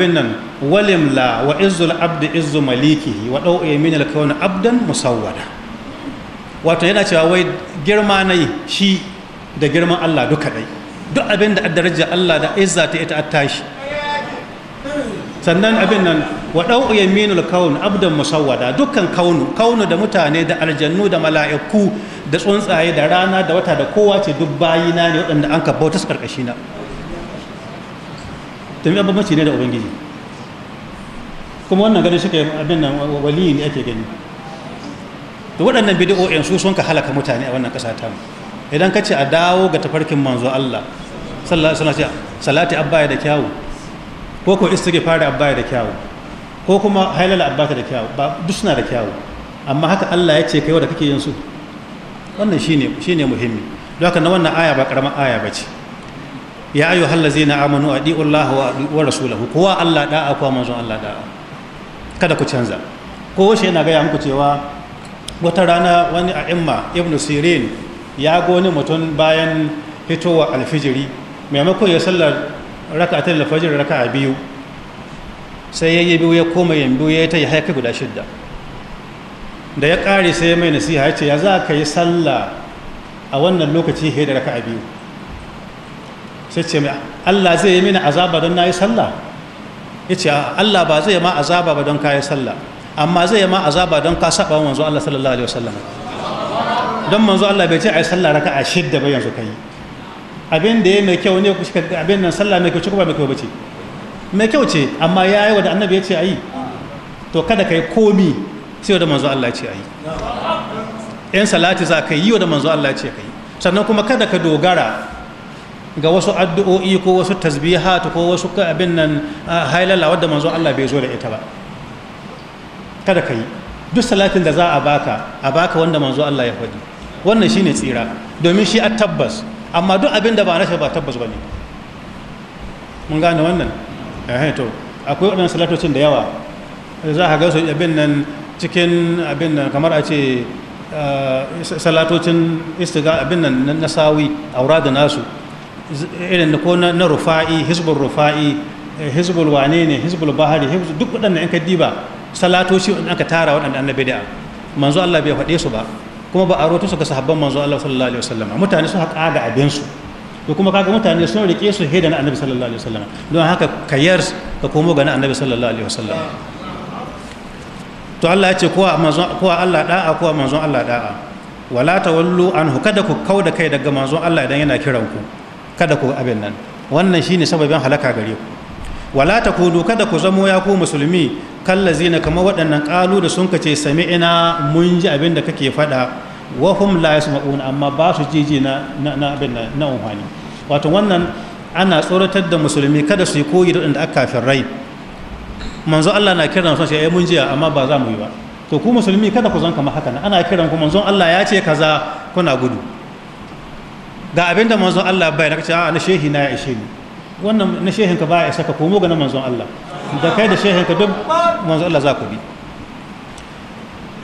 Speaker 1: bin nan walimla wa izzul abdi izzu malikihi wa ɗau min alkawun abdan musawwada wato yana cewa wai girma na shi da girman Allah duka ɗai duk abin da daraja Allah da izza ta ita tashi sannan abin nan wa ɗau min alkawun abdan musawwada dukkan kaunu kaunu da mutane da aljannu da mala'iku da tsuntsaye da rana da wata da kowa ce duk bayina ne waɗanda an ka bauta su na to me bambanci ne da ubangiji kuma wannan ganin shi kai abin nan waliyi ne ake gani to waɗannan bid'o'in su sun ka halaka mutane a wannan ƙasa ta idan ka ce a dawo ga tafarkin manzo Allah sallallahu Abba wasallam salati abbaya da kyawu ko ko istighfar abbaya da kyawu ko kuma hailala abbata da kyawu ba duk suna da kyawu amma haka Allah ya ce kai wanda kake yin su wannan shine shine muhimmi don haka na wannan aya ba karamar aya ce. ya ayu na amanu a Allah wa rasulahu kowa Allah da'a kowa manzon Allah da'a kada ku canza ko shi yana gaya muku cewa wata rana wani a Imma ibn sirin ya goni mutum bayan fitowa alfijiri maimako ya sallar raka'atul raka a biyu sai ya yi biyu ya koma yin biyu ya yi ta yi haika guda shidda da ya kare sai mai nasiha ya ce ya za ka yi sallah a wannan lokaci he da a biyu sai ce mai Allah zai yi mini azaba don na yi sallah ya ce Allah ba zai ma azaba ba don ka yi sallah amma zai ma azaba don ka saba manzo Allah sallallahu alaihi wasallam don manzo Allah bai ce a yi sallah raka a shidda ba yanzu kai abin da ya mai kyau ne kuka abin nan sallah mai kyau ce ba mai kyau bace mai kyau ce amma ya yi wanda annabi ya ce a yi to kada ka yi komi sai wanda manzo Allah ya ce a yi yan salati za ka yi wanda manzo Allah ya ce ka yi sannan kuma kada ka dogara ga wasu addu'o'i ko wasu tasbihat ko wasu abin nan hailala wadda manzo Allah bai zo da ita ba kada ka yi duk salatin da za a baka a baka wanda manzo Allah ya faɗi wannan shine tsira domin shi a tabbas amma duk abin da ba na ba tabbas bane mun gane wannan eh to akwai wadannan salatocin da yawa za ka ga su abin nan cikin abin nan kamar a ce salatocin istiga abin nan na sawi aura da nasu irin ko na rufa'i hizbul rufa'i eh, hizbul wane ne hizbul bahari hizbul duk waɗanda in ka diba salatoci waɗanda aka tara waɗanda annabi da manzo Allah bai faɗe su ba kuma ba a roto su ga sahabban manzo Allah sallallahu alaihi wasallam mutane sun haƙa ga abin su to kuma kaga mutane sun rike su heda na annabi sallallahu alaihi wasallam don haka kayar ka komo ga na annabi sallallahu alaihi wasallam to Allah ya ce kowa manzon kowa Allah da'a kowa manzon Allah da'a wala tawallu anhu kada ku kauda kai daga manzon Allah idan yana kiran ku kada ku abin nan wannan shine sababin halaka gare ku wala takunu kada ku zamo ya ku musulmi kallazina kamar waɗannan ƙalu da sun kace sami'ina mun ji abin da kake faɗa wa hum la yasma'un amma ba su jiji na na abin na umhani wato wannan ana tsoratar da musulmi kada su yi koyi da waɗanda aka fi rai Manzo Allah na kiran su sai eh, mun jiya amma ba za mu yi ba to ku musulmi kada ku zan kamar haka ana kiran ku manzon Allah ya ce kaza kuna gudu ga abinda manzon Allah bai naka ce a na shehi na ya ishe ni wannan na shehin ka baya isa ka komo ga na manzon Allah da kai da shehin ka duk manzon Allah za ku bi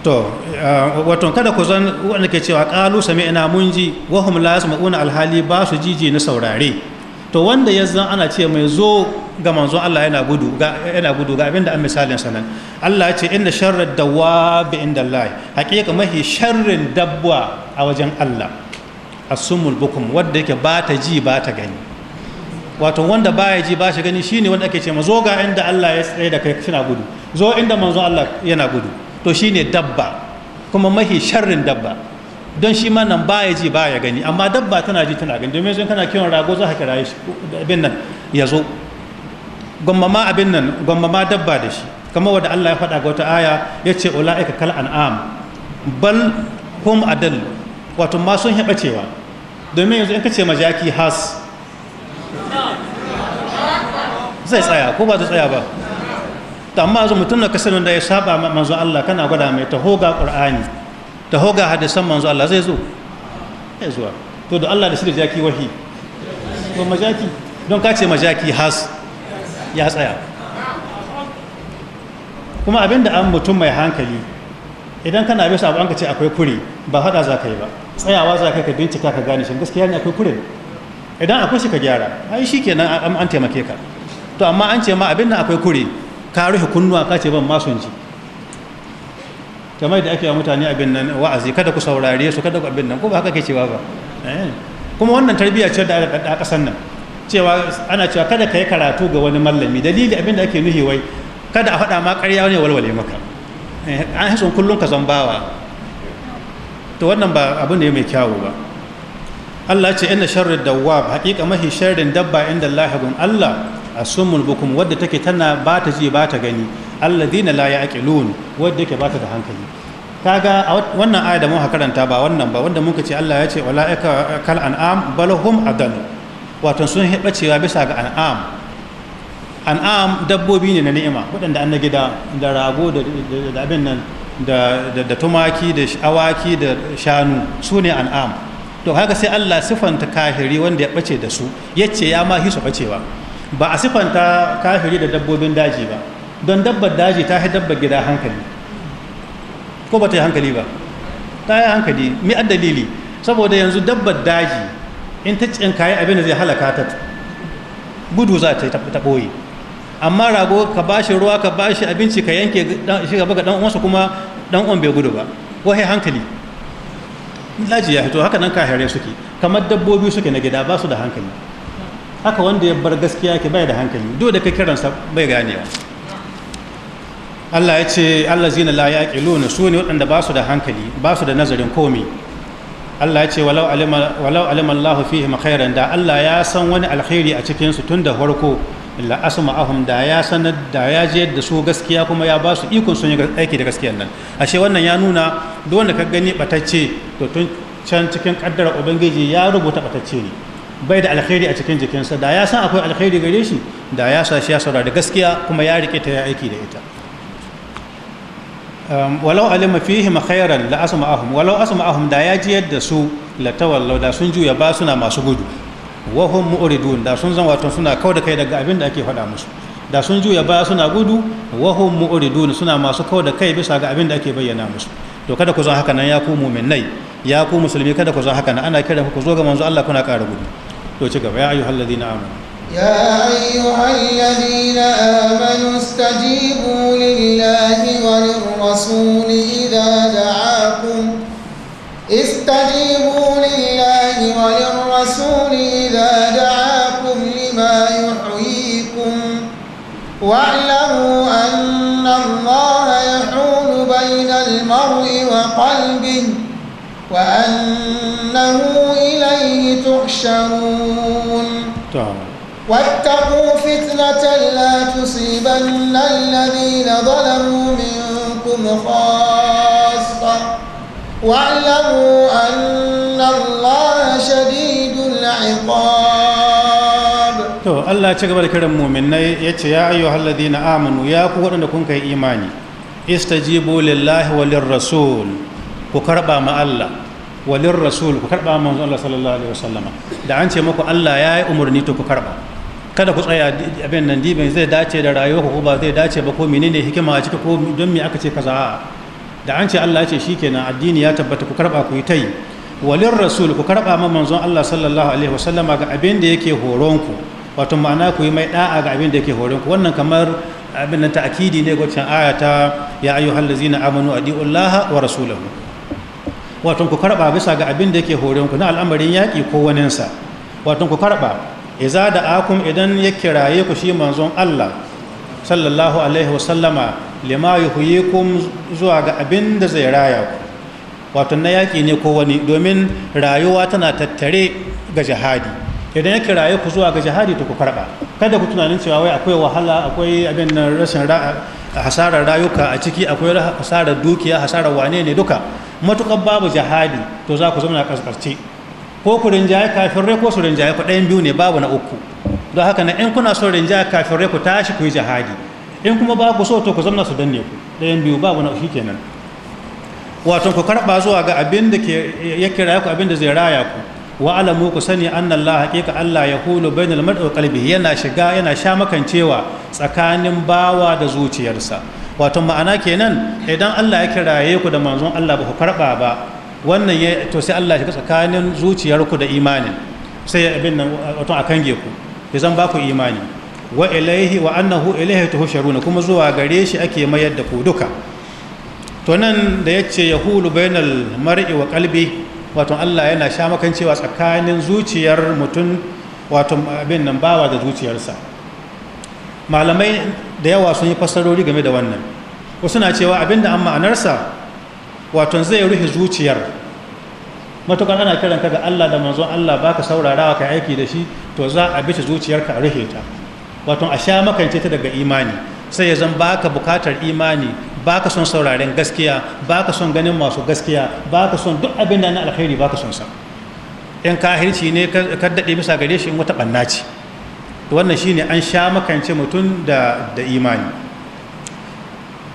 Speaker 1: to eh, wato kada ku zan wanda ke cewa qalu sami'na mun ji wa hum la yasma'una alhali ba su jiji na saurare to wanda ya zan ana ce mai zo ga manzon Allah yana gudu ga yana gudu ga abinda an misalin sanan Allah ya ce inna sharrad dawabi inda Allah hakika mahi sharrin dabba a wajen Allah asumul bukum wadda yake ba ta ji ba ta gani wato wanda ba ya ji ba shi gani shine wanda ake ce ma zo ga inda Allah ya tsaye da kai kina gudu zo inda manzo Allah yana gudu to shine dabba kuma mahi sharrin dabba don shi ma nan ba ya ji ba ya gani amma dabba tana ji tana gani domin sun kana kiwon rago za ka kira shi abin nan ya zo gwammama abin nan gwammama dabba da shi kamar wanda Allah ya faɗa ga wata aya ya ce ula'ika kal an'am bal hum adal wato ma sun haɓa cewa domin yanzu in ka ce ma jaki has zai tsaya ko ba zai tsaya ba ta amma yanzu mutum na kasar da ya saba manzo Allah kana gwada mai taho ga ƙur'ani taho ga hadisan manzo Allah zai zo zai zuwa to da Allah da shi da jaki wahi to majaki don ka ce majaki has ya tsaya kuma abinda an mutum mai hankali idan kana bisa abu an ka ce akwai kuri ba hada za ka yi ba tsayawa za ka bincika ka gane shi gaskiya ne akwai kure idan akwai shi ka gyara ai shi kenan an taimake ka to amma an ce ma abin nan akwai kure ka rufe kunnuwa ka ce ban masun ji kamar da ake wa mutane abin nan wa'azi kada ku saurare su kada ku abin nan ko ba haka ke cewa ba eh. kuma wannan tarbiyya ce da a kasan nan cewa ana cewa kada ka yi karatu ga wani mallami dalili abin da ake nuhi wai kada a faɗa ma ƙarya ne walwale maka eh, an hasun kullum ka zambawa to wannan ba abu ne mai kyawu ba Allah ce inna sharrid dawwab haƙiƙa mahi sharrin dabba inda Allah gun Allah asumul bukum wadda take tana ba ta ji ba ta gani alladhina la yaqilun wadda yake ba ta da hankali kaga wannan aya da muka karanta ba wannan ba wanda muka ce Allah ya ce wala'ika kal an'am balhum adallu wato sun heba cewa bisa ga an'am an'am dabbobi ne na ni'ima waɗanda an na gida da rago da abin nan da tumaki da awaki da shanu su ne an'am to haka sai Allah sifanta kahiri wanda ya bace da su yace ya ma hisu bacewa ba a sifanta kahiri da dabbobin daji ba don dabbar daji ta yi dabbar gida hankali ko ba ta yi hankali ba ta yi hankali mi dalili saboda yanzu dabbar daji in ta tsinkaye abin da zai halaka ta gudu za ta yi ta ɓoye amma rago ka ba shi ruwa ka ba shi abinci ka yanke shi gaba ga dan uwansa kuma dan uwan bai gudu ba wahai hankali laji ya fito haka nan hare suke kamar dabbobi suke na gida ba su da hankali haka wanda ya bar gaskiya ke bai da hankali duk da ka kiransa bai ganewa Allah ya ce Allah zina la yaqiluna su ne waɗanda ba su da hankali ba su da nazarin komai Allah ya ce walau alima walau alima Allah fihi khairan da Allah ya san wani alkhairi a cikin su tun da farko illa asma'ahum da ya sanar da ya je da su gaskiya kuma ya ba su ikon sun yi aiki da gaskiyar nan ashe wannan ya nuna duk wanda ka gani batacce to tun can cikin kaddara ubangiji ya rubuta batacce ne bai da alkhairi a cikin jikinsa da ya san akwai alkhairi gare shi da ya sa shi ya saurari gaskiya kuma ya rike ta ya aiki da ita um, walau alima fihim khairan la asma'ahum walau asma'ahum da ya ji yadda su la tawallau da sun juya ba suna masu gudu wa hum mu'ridun da sun zan wato suna kau da kai daga abin da ake faɗa musu da sun juya baya suna gudu wa hum mu'ridun suna masu kawo da kai bisa ga abin da ake bayyana musu to kada ku zan haka nan ya ku mu'minai ya ku musulmi kada ku zan haka nan ana kiran ku zo ga manzo Allah kuna ƙara gudu to ci gaba ya ayyuhal ladina amanu
Speaker 2: يا أيها amanu آمنوا lillahi wa lirrasuli إذا da'akum استجيبوا لله وللرسول إذا دعاكم لما يحييكم واعلموا أن الله يحول بين المرء وقلبه وأنه إليه تحشرون واتقوا فتنة لا تصيبن الذين ظلموا منكم خاصة واعلموا أن الله شديد العقاب
Speaker 1: to Allah ya ci gaba da kiran ya ce ya ayyuhal ladina amanu ya waɗanda kun yi imani istajibu lillahi walir rasul ku karba ma Allah ku ma sallallahu alaihi da an ce muku Allah ya yi umarni to ku karba kada ku tsaya abin nan dibin zai dace da rayuwa ku ba zai dace ba ko menene hikima a ciki ko don me aka ce kaza a'a da an ce Allah ya ce shikenan addini ya tabbata ku karba ku yi ta yi walin rasul ku karba ma manzon Allah sallallahu alaihi wasallama ga abin da yake horon ku wato ma'ana ku yi mai da'a ga abin da yake horon ku wannan kamar abin ta'akidi ne ga aya ta ya ayyuhal ladzina amanu adiullaha wa rasulahu wato ku karba bisa ga abin da yake horon ku na al'amarin yaki ko waninsa wato ku karba iza da akum idan ya kiraye ku shi manzon Allah sallallahu alaihi wasallama lima yuhyikum zuwa ga abin da zai raya ku wato na yaƙi ne ko wani domin rayuwa tana tattare ga jihadi idan yake raye ku zuwa ga jihadi to ku karɓa kada ku tunanin cewa wai akwai wahala akwai abin nan rashin hasarar rayuka a ciki akwai hasarar dukiya hasarar wane ne duka matukar babu jihadi to za ku zama na ƙasƙarce ko ku rinjaye kafin rai ko su rinjaye ku ɗayan biyu ne babu na uku don haka na in kuna son rinja kafirai ku tashi ku yi jihadi in kuma ba ku so to ku zamna su danne ku ɗayan biyu ba wani shi kenan wato ku karɓa zuwa ga abin da ya kira ku abin da zai raya ku wa alamu ku sani anna Allah Allah ya hulu bai na lamar qalbi yana shiga yana sha makancewa tsakanin bawa da zuciyarsa wato ma'ana kenan idan Allah ya kiraye ku da manzon Allah ba ku karɓa ba wannan ya to sai Allah ya shiga tsakanin zuciyarku da imanin sai abin nan wato a kange ku ya zan ba imani wa ilaihi wa annahu ilaihi tuhsharuna kuma zuwa gare shi ake mayar da ku duka to nan da yace yahulu bainal mar'i wa qalbi wato Allah yana sha cewa tsakanin zuciyar mutum wato abin nan bawa da zuciyarsa malamai da yawa sun yi fassarori game da wannan wasu na cewa abinda an ma'anarsa wato zai rufe zuciyar matukan ana kiran ka ga Allah da manzon Allah baka saurarawa ka aiki da shi to za a bice zuciyarka a rufe ta wato a sha makance ta daga imani sai ya zan baka bukatar imani baka son sauraren gaskiya baka son ganin masu gaskiya baka son duk abin da na alkhairi baka son sa in kahirci ne ka daɗe bisa gare shi in wata ɓanna ce wannan shine an sha makance mutum da imani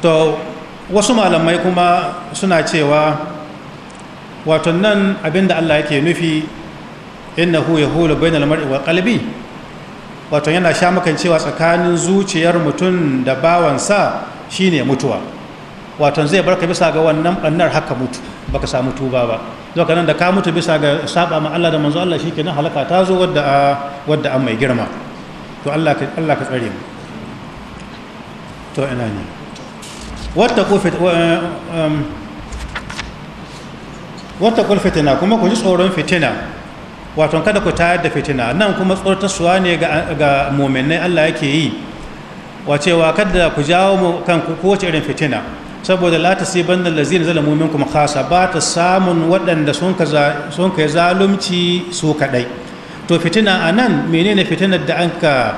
Speaker 1: to wasu malamai kuma suna cewa wato nan abinda Allah yake nufi innahu yahulu bainal mar'i wa qalbi wato yana sha makan cewa tsakanin zuciyar mutum da bawansa shine mutuwa wato zai barka bisa ga wannan bannar haka mutu baka samu tuba ba zo nan da ka mutu bisa ga saba ma Allah da manzo Allah shikenan halaka ta zo wadda wadda an mai girma to Allah ka Allah ka tsare mu to ina ne wata kofit um, wata kwal fitina kuma ku ji tsoron fitina wato kada ku tayar da fitina nan kuma tsortarsuwa ne ga muminai Allah yake yi wacewa kada ku jawo mu kanku kowace irin fitina saboda la lazina zala zalamu kuma khasa ba ta samun waɗanda sun ka zalumci zalunci su kadai to fitina a anan menene fitinar da ka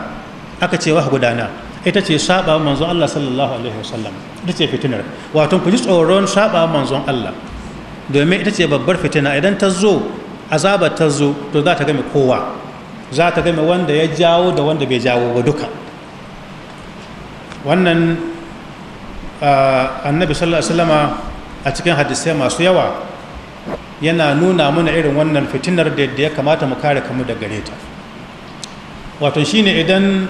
Speaker 1: aka ce wa gudana ita ce saba manzon Allah sallallahu alaihi wasallam ita ce fitinar wato ku ji tsoron saba manzon Allah domin ita ce babbar fitina idan ta zo azaba ta zo to za ta game kowa za ta game wanda ya jawo da wanda bai jawo ba duka wannan annabi sallallahu alaihi wasallama a cikin hadisai masu yawa yana nuna mana irin wannan fitinar da yadda ya kamata mu kare kamu da gare ta wato shine idan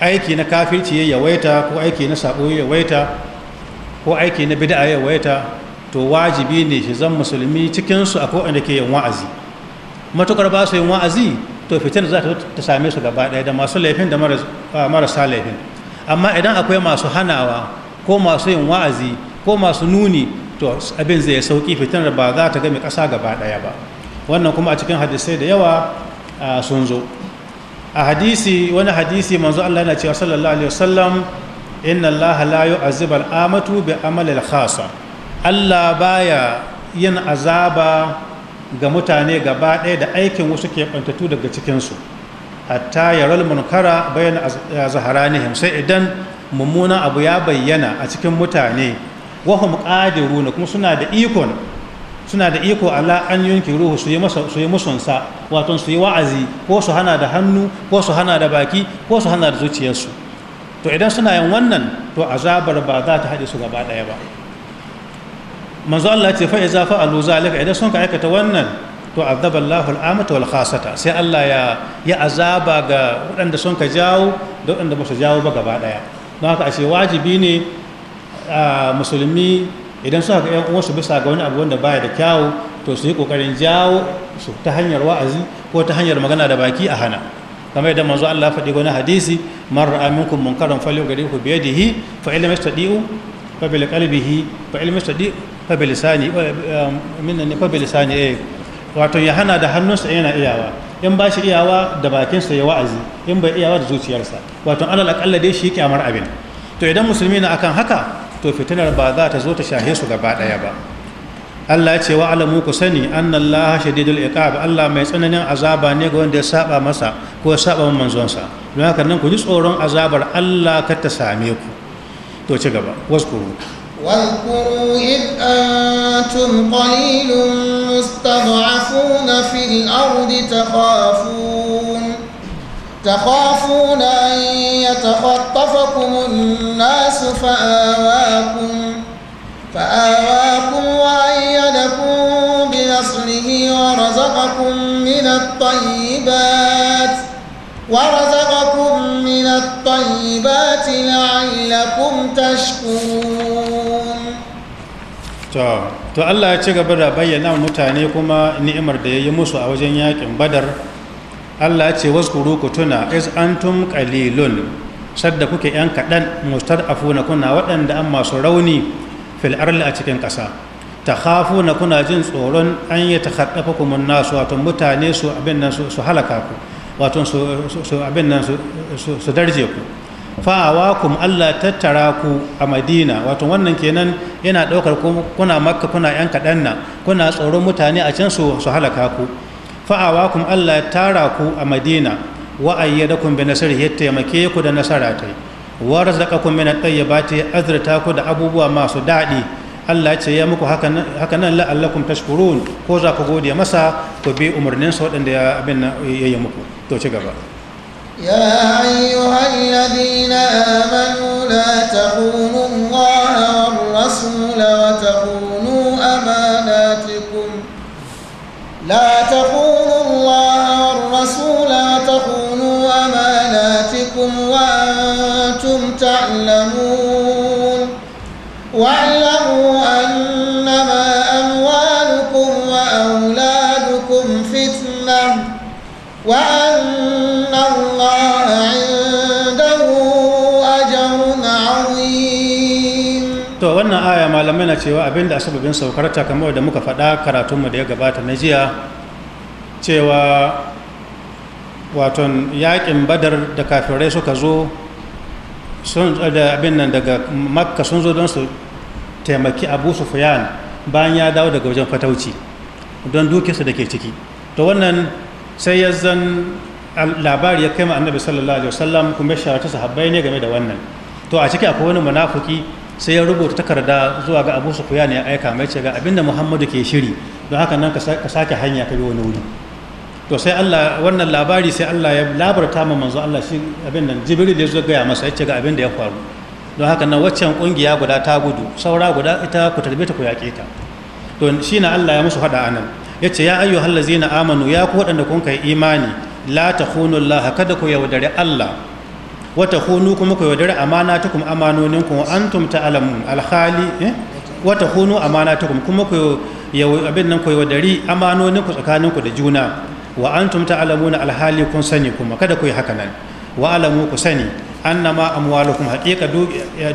Speaker 1: aiki na kafirci ya yawaita ko aiki na sabo yawaita ko aiki na bid'a ya yawaita to wajibi ne shi zan musulmi cikinsu akwai wanda ke yin wa'azi matukar ba su yin wa'azi to fitin za ta same su gaba ɗaya da masu laifin da marasa laifin amma idan akwai masu hanawa ko masu yin wa'azi ko masu nuni to abin zai sauki fitin ba za ta game ƙasa gaba ɗaya ba wannan kuma a cikin hadisai da yawa sun zo a hadisi wani hadisi manzo Allah na cewa sallallahu alaihi wasallam inna Allah la yu'azzibu al-amatu bi amali al-khasa Allah baya yin azaba ga mutane gaba ɗaya da aikin wasu ke ɓantattu daga cikinsu hatta yaral munkara bayan zaharanihim sai idan mummunan abu ya bayyana a cikin mutane wahum qadiruna kuma suna da ikon suna da iko ala an yanki ruhu su yi masa su musunsa wato su yi wa'azi ko su hana da hannu ko su hana da baki ko su hana da zuciyarsu to idan suna yin wannan to azabar ba za ta haɗe su gaba ɗaya ba manzo Allah ce fa iza fa'alu zalika idan sun ka aikata wannan to azaba Allahu al-amata wal khasata sai Allah ya ya azaba ga waɗanda sun ka jawo da waɗanda ba su jawo ba gaba daya don haka ashe wajibi ne a musulmi idan suka ga yan uwansu bisa ga wani abu wanda baya da kyawu to su yi kokarin jawo su ta hanyar wa'azi ko ta hanyar magana da baki a hana kamar yadda manzo Allah faɗi wani hadisi man ra'a minkum munkaran falyughayyihu bi yadihi fa illam yastati'u fa bil qalbihi fa illam yastati'u fabilisani minna eh, eh, ne fabilisani eh wato ya hana da hannunsa yana iyawa in ba shi iyawa da bakinsa ya wa'azi in bai iyawa da zuciyarsa wato alal akalla dai shi kyamar abin to idan musulmi na akan haka to fitinar ba za ta zo ta shahe su gaba daya ba Allah ya ce wa alamu ku sani annallaha shadidul iqab Allah mai tsananin azaba ne ga wanda ya saba masa ko ya saba manzonsa don haka nan ku ji tsoron azabar Allah ka ta same ku to ci gaba wasu
Speaker 2: واذكروا إذ أنتم قليل مستضعفون في الأرض تخافون تخافون أن يتخطفكم الناس فآواكم فآواكم وأيدكم بنصره ورزقكم من الطيبات ورزقكم من الطيبات لعلكم تشكرون
Speaker 1: to Allah ya ci gaba da bayyana mutane kuma ni'imar da ya yi musu a wajen yakin badar Allah ya ce waskuru ku tuna is antum qalilun sadda kuke yan kaɗan mustad'afuna kuna waɗanda an masu rauni fil arli a cikin ƙasa takhafuna kuna jin tsoron an yi takhaddafakum nasu wato mutane su abin nan su halaka ku wato su abin nan su darje ku Fa'awakum Allah tattara ku a Madina wato wannan kenan yana ɗaukar kuna makka kuna yan kaɗan na kuna tsoron mutane a can su halaka ku fa'awakum Allah tara ku a Madina wa ayyadakum bi ya taimake ku da nasara ta wa razaqakum min at-tayyibati azrata ku da abubuwa masu daɗi Allah ce ya muku haka nan la'allakum tashkurun ko za ku gode masa ku bi umarninsa waɗanda ya abin ya yi muku to ci gaba
Speaker 2: يا أيها الذين آمنوا لا تخونوا الله والرسول وتخونوا أماناتكم لا تخونوا الله والرسول وتخونوا أماناتكم وأنتم تعلمون واعلموا أنما أموالكم وأولادكم فتنة وأن
Speaker 1: malamai na cewa abin da asababin saukar ta kamar da muka faɗa karatunmu da ya gabata na jiya cewa waton yakin badar da kafirai suka zo sun da abin nan daga makka sun zo don su taimaki abu sufyan bayan ya dawo daga wajen fatauci don dukiyarsa da ke ciki to wannan sai ya zan labari ya kai annabi sallallahu alaihi wasallam kuma shawarta sahabbai ne game da wannan to a ciki akwai wani munafuki sai ya rubuta takarda zuwa ga abu sufiyan ya aika mai ce ga abinda muhammadu ke shiri don haka nan ka sake hanya ka yi wani wuri to sai allah wannan labari sai allah ya labarta ma manzo allah shi abin nan jibril ya zo gaya masa ya ce ga abin da ya faru don haka nan waccan kungiya guda ta gudu saura guda ita ku tarbe ta ku yaƙe ta to shi na allah ya musu faɗa nan. ya ce ya ayyu na amanu ya ku waɗanda kun kai imani la ta kada ku yaudari allah wata hunu kuma ku yaudari amana tukum amanonin ku antum ta'lamun alhali eh? wata hunu amana tukum kuma ku abin nan ku yaudari amanoninku tsakaninku da juna wa antum ta'lamuna alhali kun sani kuma kada ku yi haka nan wa alamu ku sani annama amwalukum haqiqa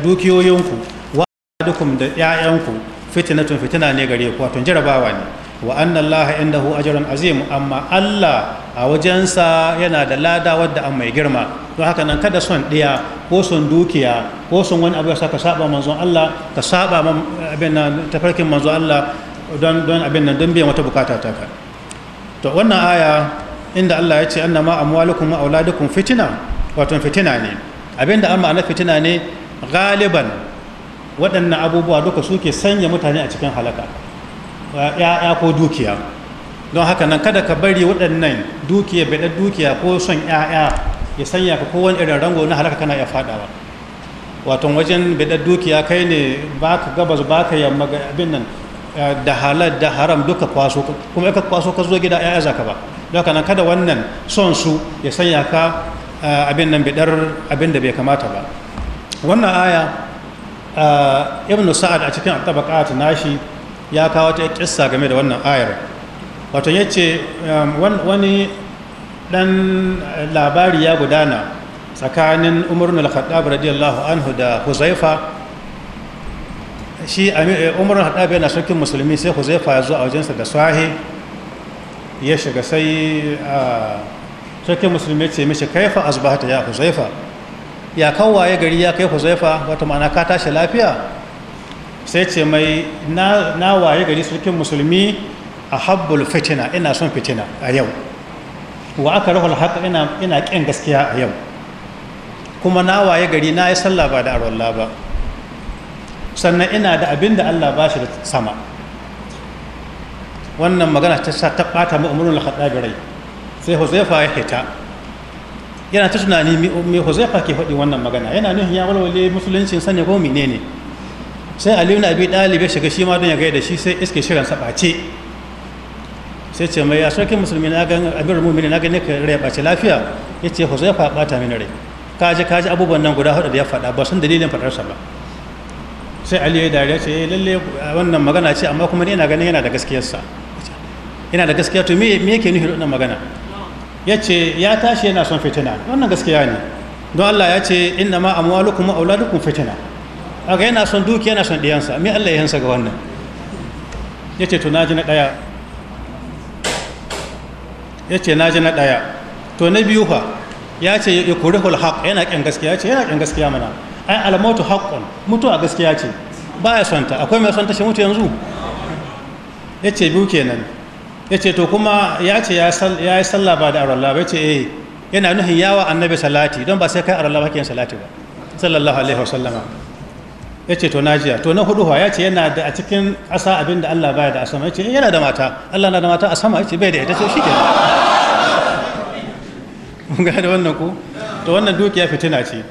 Speaker 1: dukiyoyinku wa adukum da ƴaƴanku fitnatun fitna ne gare ku wato jarabawa ne wa anna Allah indahu ajrun azim amma Allah a wajensa yana da lada wadda an mai girma don haka nan kada son ɗiya ko son dukiya ko son wani abu ya ka saba manzon Allah ka saba abin nan tafarkin manzon Allah don don abin nan don biyan wata bukata ta ka to wannan aya inda Allah ya ce annama amwalukum wa auladukum fitina wato fitina ne abinda an ma'ana fitina ne galiban waɗannan abubuwa duka suke sanya mutane a cikin halaka ya'ya ko dukiya don haka nan kada ka bari waɗannan dukiya bai dukiya ko son ya'ya ya sanya ka kowane irin rango na halaka kana ya faɗawa waton wajen bai dukiya kai ne ba ka gabas ba ka yamma ga abin nan da halar da haram duka kwaso kuma ka kwaso ka zo gida ya'ya za ka ba don haka nan kada wannan son su ya sanya ka abin nan bidar abin da bai kamata ba wannan aya ibn sa'ad a cikin tabaqat nashi ya kawo ta kissa game da wannan ayar wato ya ce um, wani dan labari ya gudana tsakanin umar al-khattab radiyallahu anhu da huzaifa shi eh, umar al-khattab yana sarkin musulmi sai huzaifa ya zo a wajensa da sahi ya shiga sai sarkin musulmi ce mishi kaifa asbahata ya huzaifa ya kawo waye gari ya kai huzaifa wata ma'ana ka tashi lafiya sai ce mai na waye gari sarkin musulmi a habbul fitina ina son fitina a yau wa aka rahul haka ina ƙin gaskiya a yau kuma na waye gari na yi sallah ba da arwalla ba sannan ina da abin da Allah ba shi da sama wannan magana ta sa ta ɓata mu'amurin al rai sai huzaifa ya hita yana ta tunani me huzaifa ke faɗi wannan magana yana nuhin ya walwale musuluncin sani ko menene ne sai aliyu na abi ɗalibai shiga shi ma don ya gaida shi sai iske shirin saɓace sai ce mai asirkin musulmi na gan amir mumini na gani ka rai ɓace lafiya ya ce hozo ya ta mini rai kaji kaji abubuwan nan guda hudu da ya faɗa ba sun dalilin faɗar sa ba sai aliyu ya dariya ce eh, lalle wannan magana ce amma kuma ni ina ganin yana da gaskiyarsa yana da gaskiya to me yake nufi wannan magana ya ce ya tashi yana son fitina wannan gaskiya ne don allah ya ce inna ma amwalukum wa auladukum fitina aga yana son duki yana son diyansa mai Allah yansa ga wannan ya ce to na ji na ɗaya ya ce na ji na ɗaya to na biyu fa ya ce ya kurihul haq yana ƙin gaskiya ce yana ƙin gaskiya mana ai almautu haqqun mutuwa gaskiya ce ba ya sonta akwai mai sonta shi mutu yanzu ya ce biyu kenan ya ce to kuma ya ce ya yi sallah ba da arallah ba ya ce eh yana nuhin yawa annabi salati don ba sai kai arallah ba ke salati ba sallallahu alaihi wasallama ya ce to najiya to na hudu ya ce yana da a cikin ƙasa abin da Allah baya da a sama ya ce eh, yana da mata Allah na da mata a sama ya ce bai da ita ce shi ke ga da wannan ku to wannan dukiya fitina ce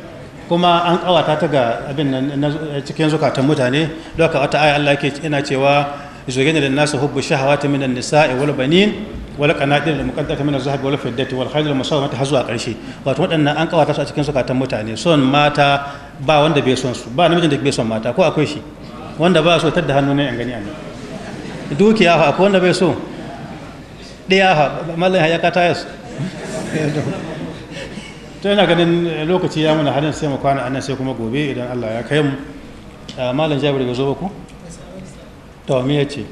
Speaker 1: kuma an kawata ta ga abin nan cikin zukatan mutane loka wata aya Allah yake yana cewa زوجين للناس min الشهوات nisai wal banin wala qanatin da muqaddata min az-zahabi wal fiddati wal khayl al musawmata hazwa zuwa wato waɗannan an kawata su a cikin zukatan mutane son mata ba wanda bai son su ba namijin da bai son mata ko akwai shi wanda ba so tadda hannu ne an gani a ne dukiya fa akwai wanda bai so ɗaya ha mallin haya kata yasu to yana ganin lokaci ya muna halin sai mu kwana annan sai kuma gobe idan Allah ya kai mu ah, mallin jabir ga zo ba ku to me yace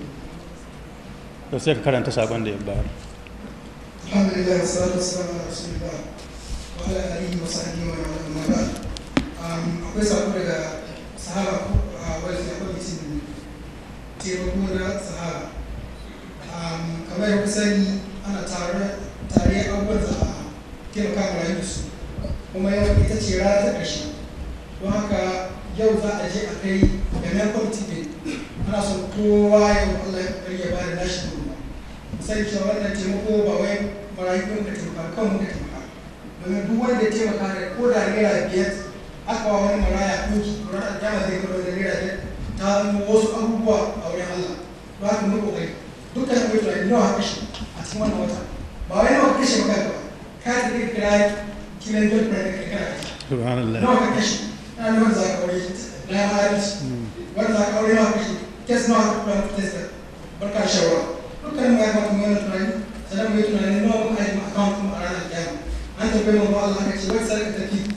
Speaker 1: to sai ka karanta sabon da ya bayar
Speaker 3: alhamdulillah sallallahu alaihi wa wa ala alihi wa sahbihi wa ala akwai sako daga sahara a wajen wales akwai mutum taimako na sahara kamar yadda sani ana tare abubuwan da taimaka ma rayu su kuma yau ita ce rana ta ƙarshe don haka yau za a je a kai ga na kwamfiti ana son kowa yau allah ya kokari ya bada nashi gurma sai cewa wannan taimako ba wai marayu kun ka taimaka kan mun ka taimaka domin duk wanda ya taimaka da ko da naira biyar aka wa wani maraya kuki ranar alkiyama zai kama wani rera ta ta yi wasu abubuwa a wurin Allah ba ka mu kokari dukkan abubuwa tunani nawa ka kashe a cikin wannan wata ba wai nawa ka kashe ba ka ka ta kai kira kilan dole ne ka kana subhanallah nawa ka kashe ana nawa za ka aure da ya hali wanda za ka aure nawa kashe kes nawa ka kuma kes da barka shawara dukkan mu ya kama mu yana tunani sannan mu yi tunani nawa muka yi account mu a ranar alkiyama an tabbai mu ba Allah ka ce wai sai ka tafi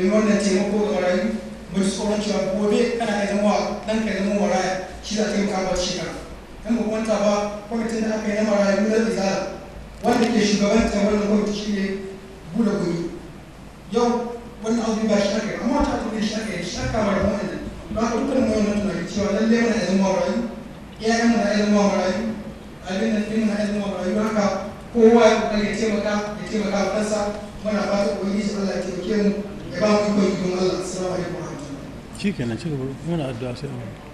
Speaker 3: domin wannan taimako ga marayu ba su tsoron cewa gobe kana iya zama ɗan ka zama maraya shi za a taimaka ba shekara in ba kwanta ba kwamitin da aka yi na marayu na tsara wanda ke shugaban wannan kwamiti shi ne bude guri yau wannan abu ba shi aka yi amma ta kuma shi aka yi shi aka mara wannan ba ku dukkan mu wannan tunani cewa lalle mana iya zama marayu iyayen mu na iya zama marayu abin da din mu na iya zama marayu haka kowa ya kokari ya taimaka ya taimaka kansa muna fata ubangiji Allah ya taimake mu ya ba mu ikon ikon Allah assalamu alaikum wa rahmatullahi
Speaker 1: shikenan ci gaba muna addu'a sai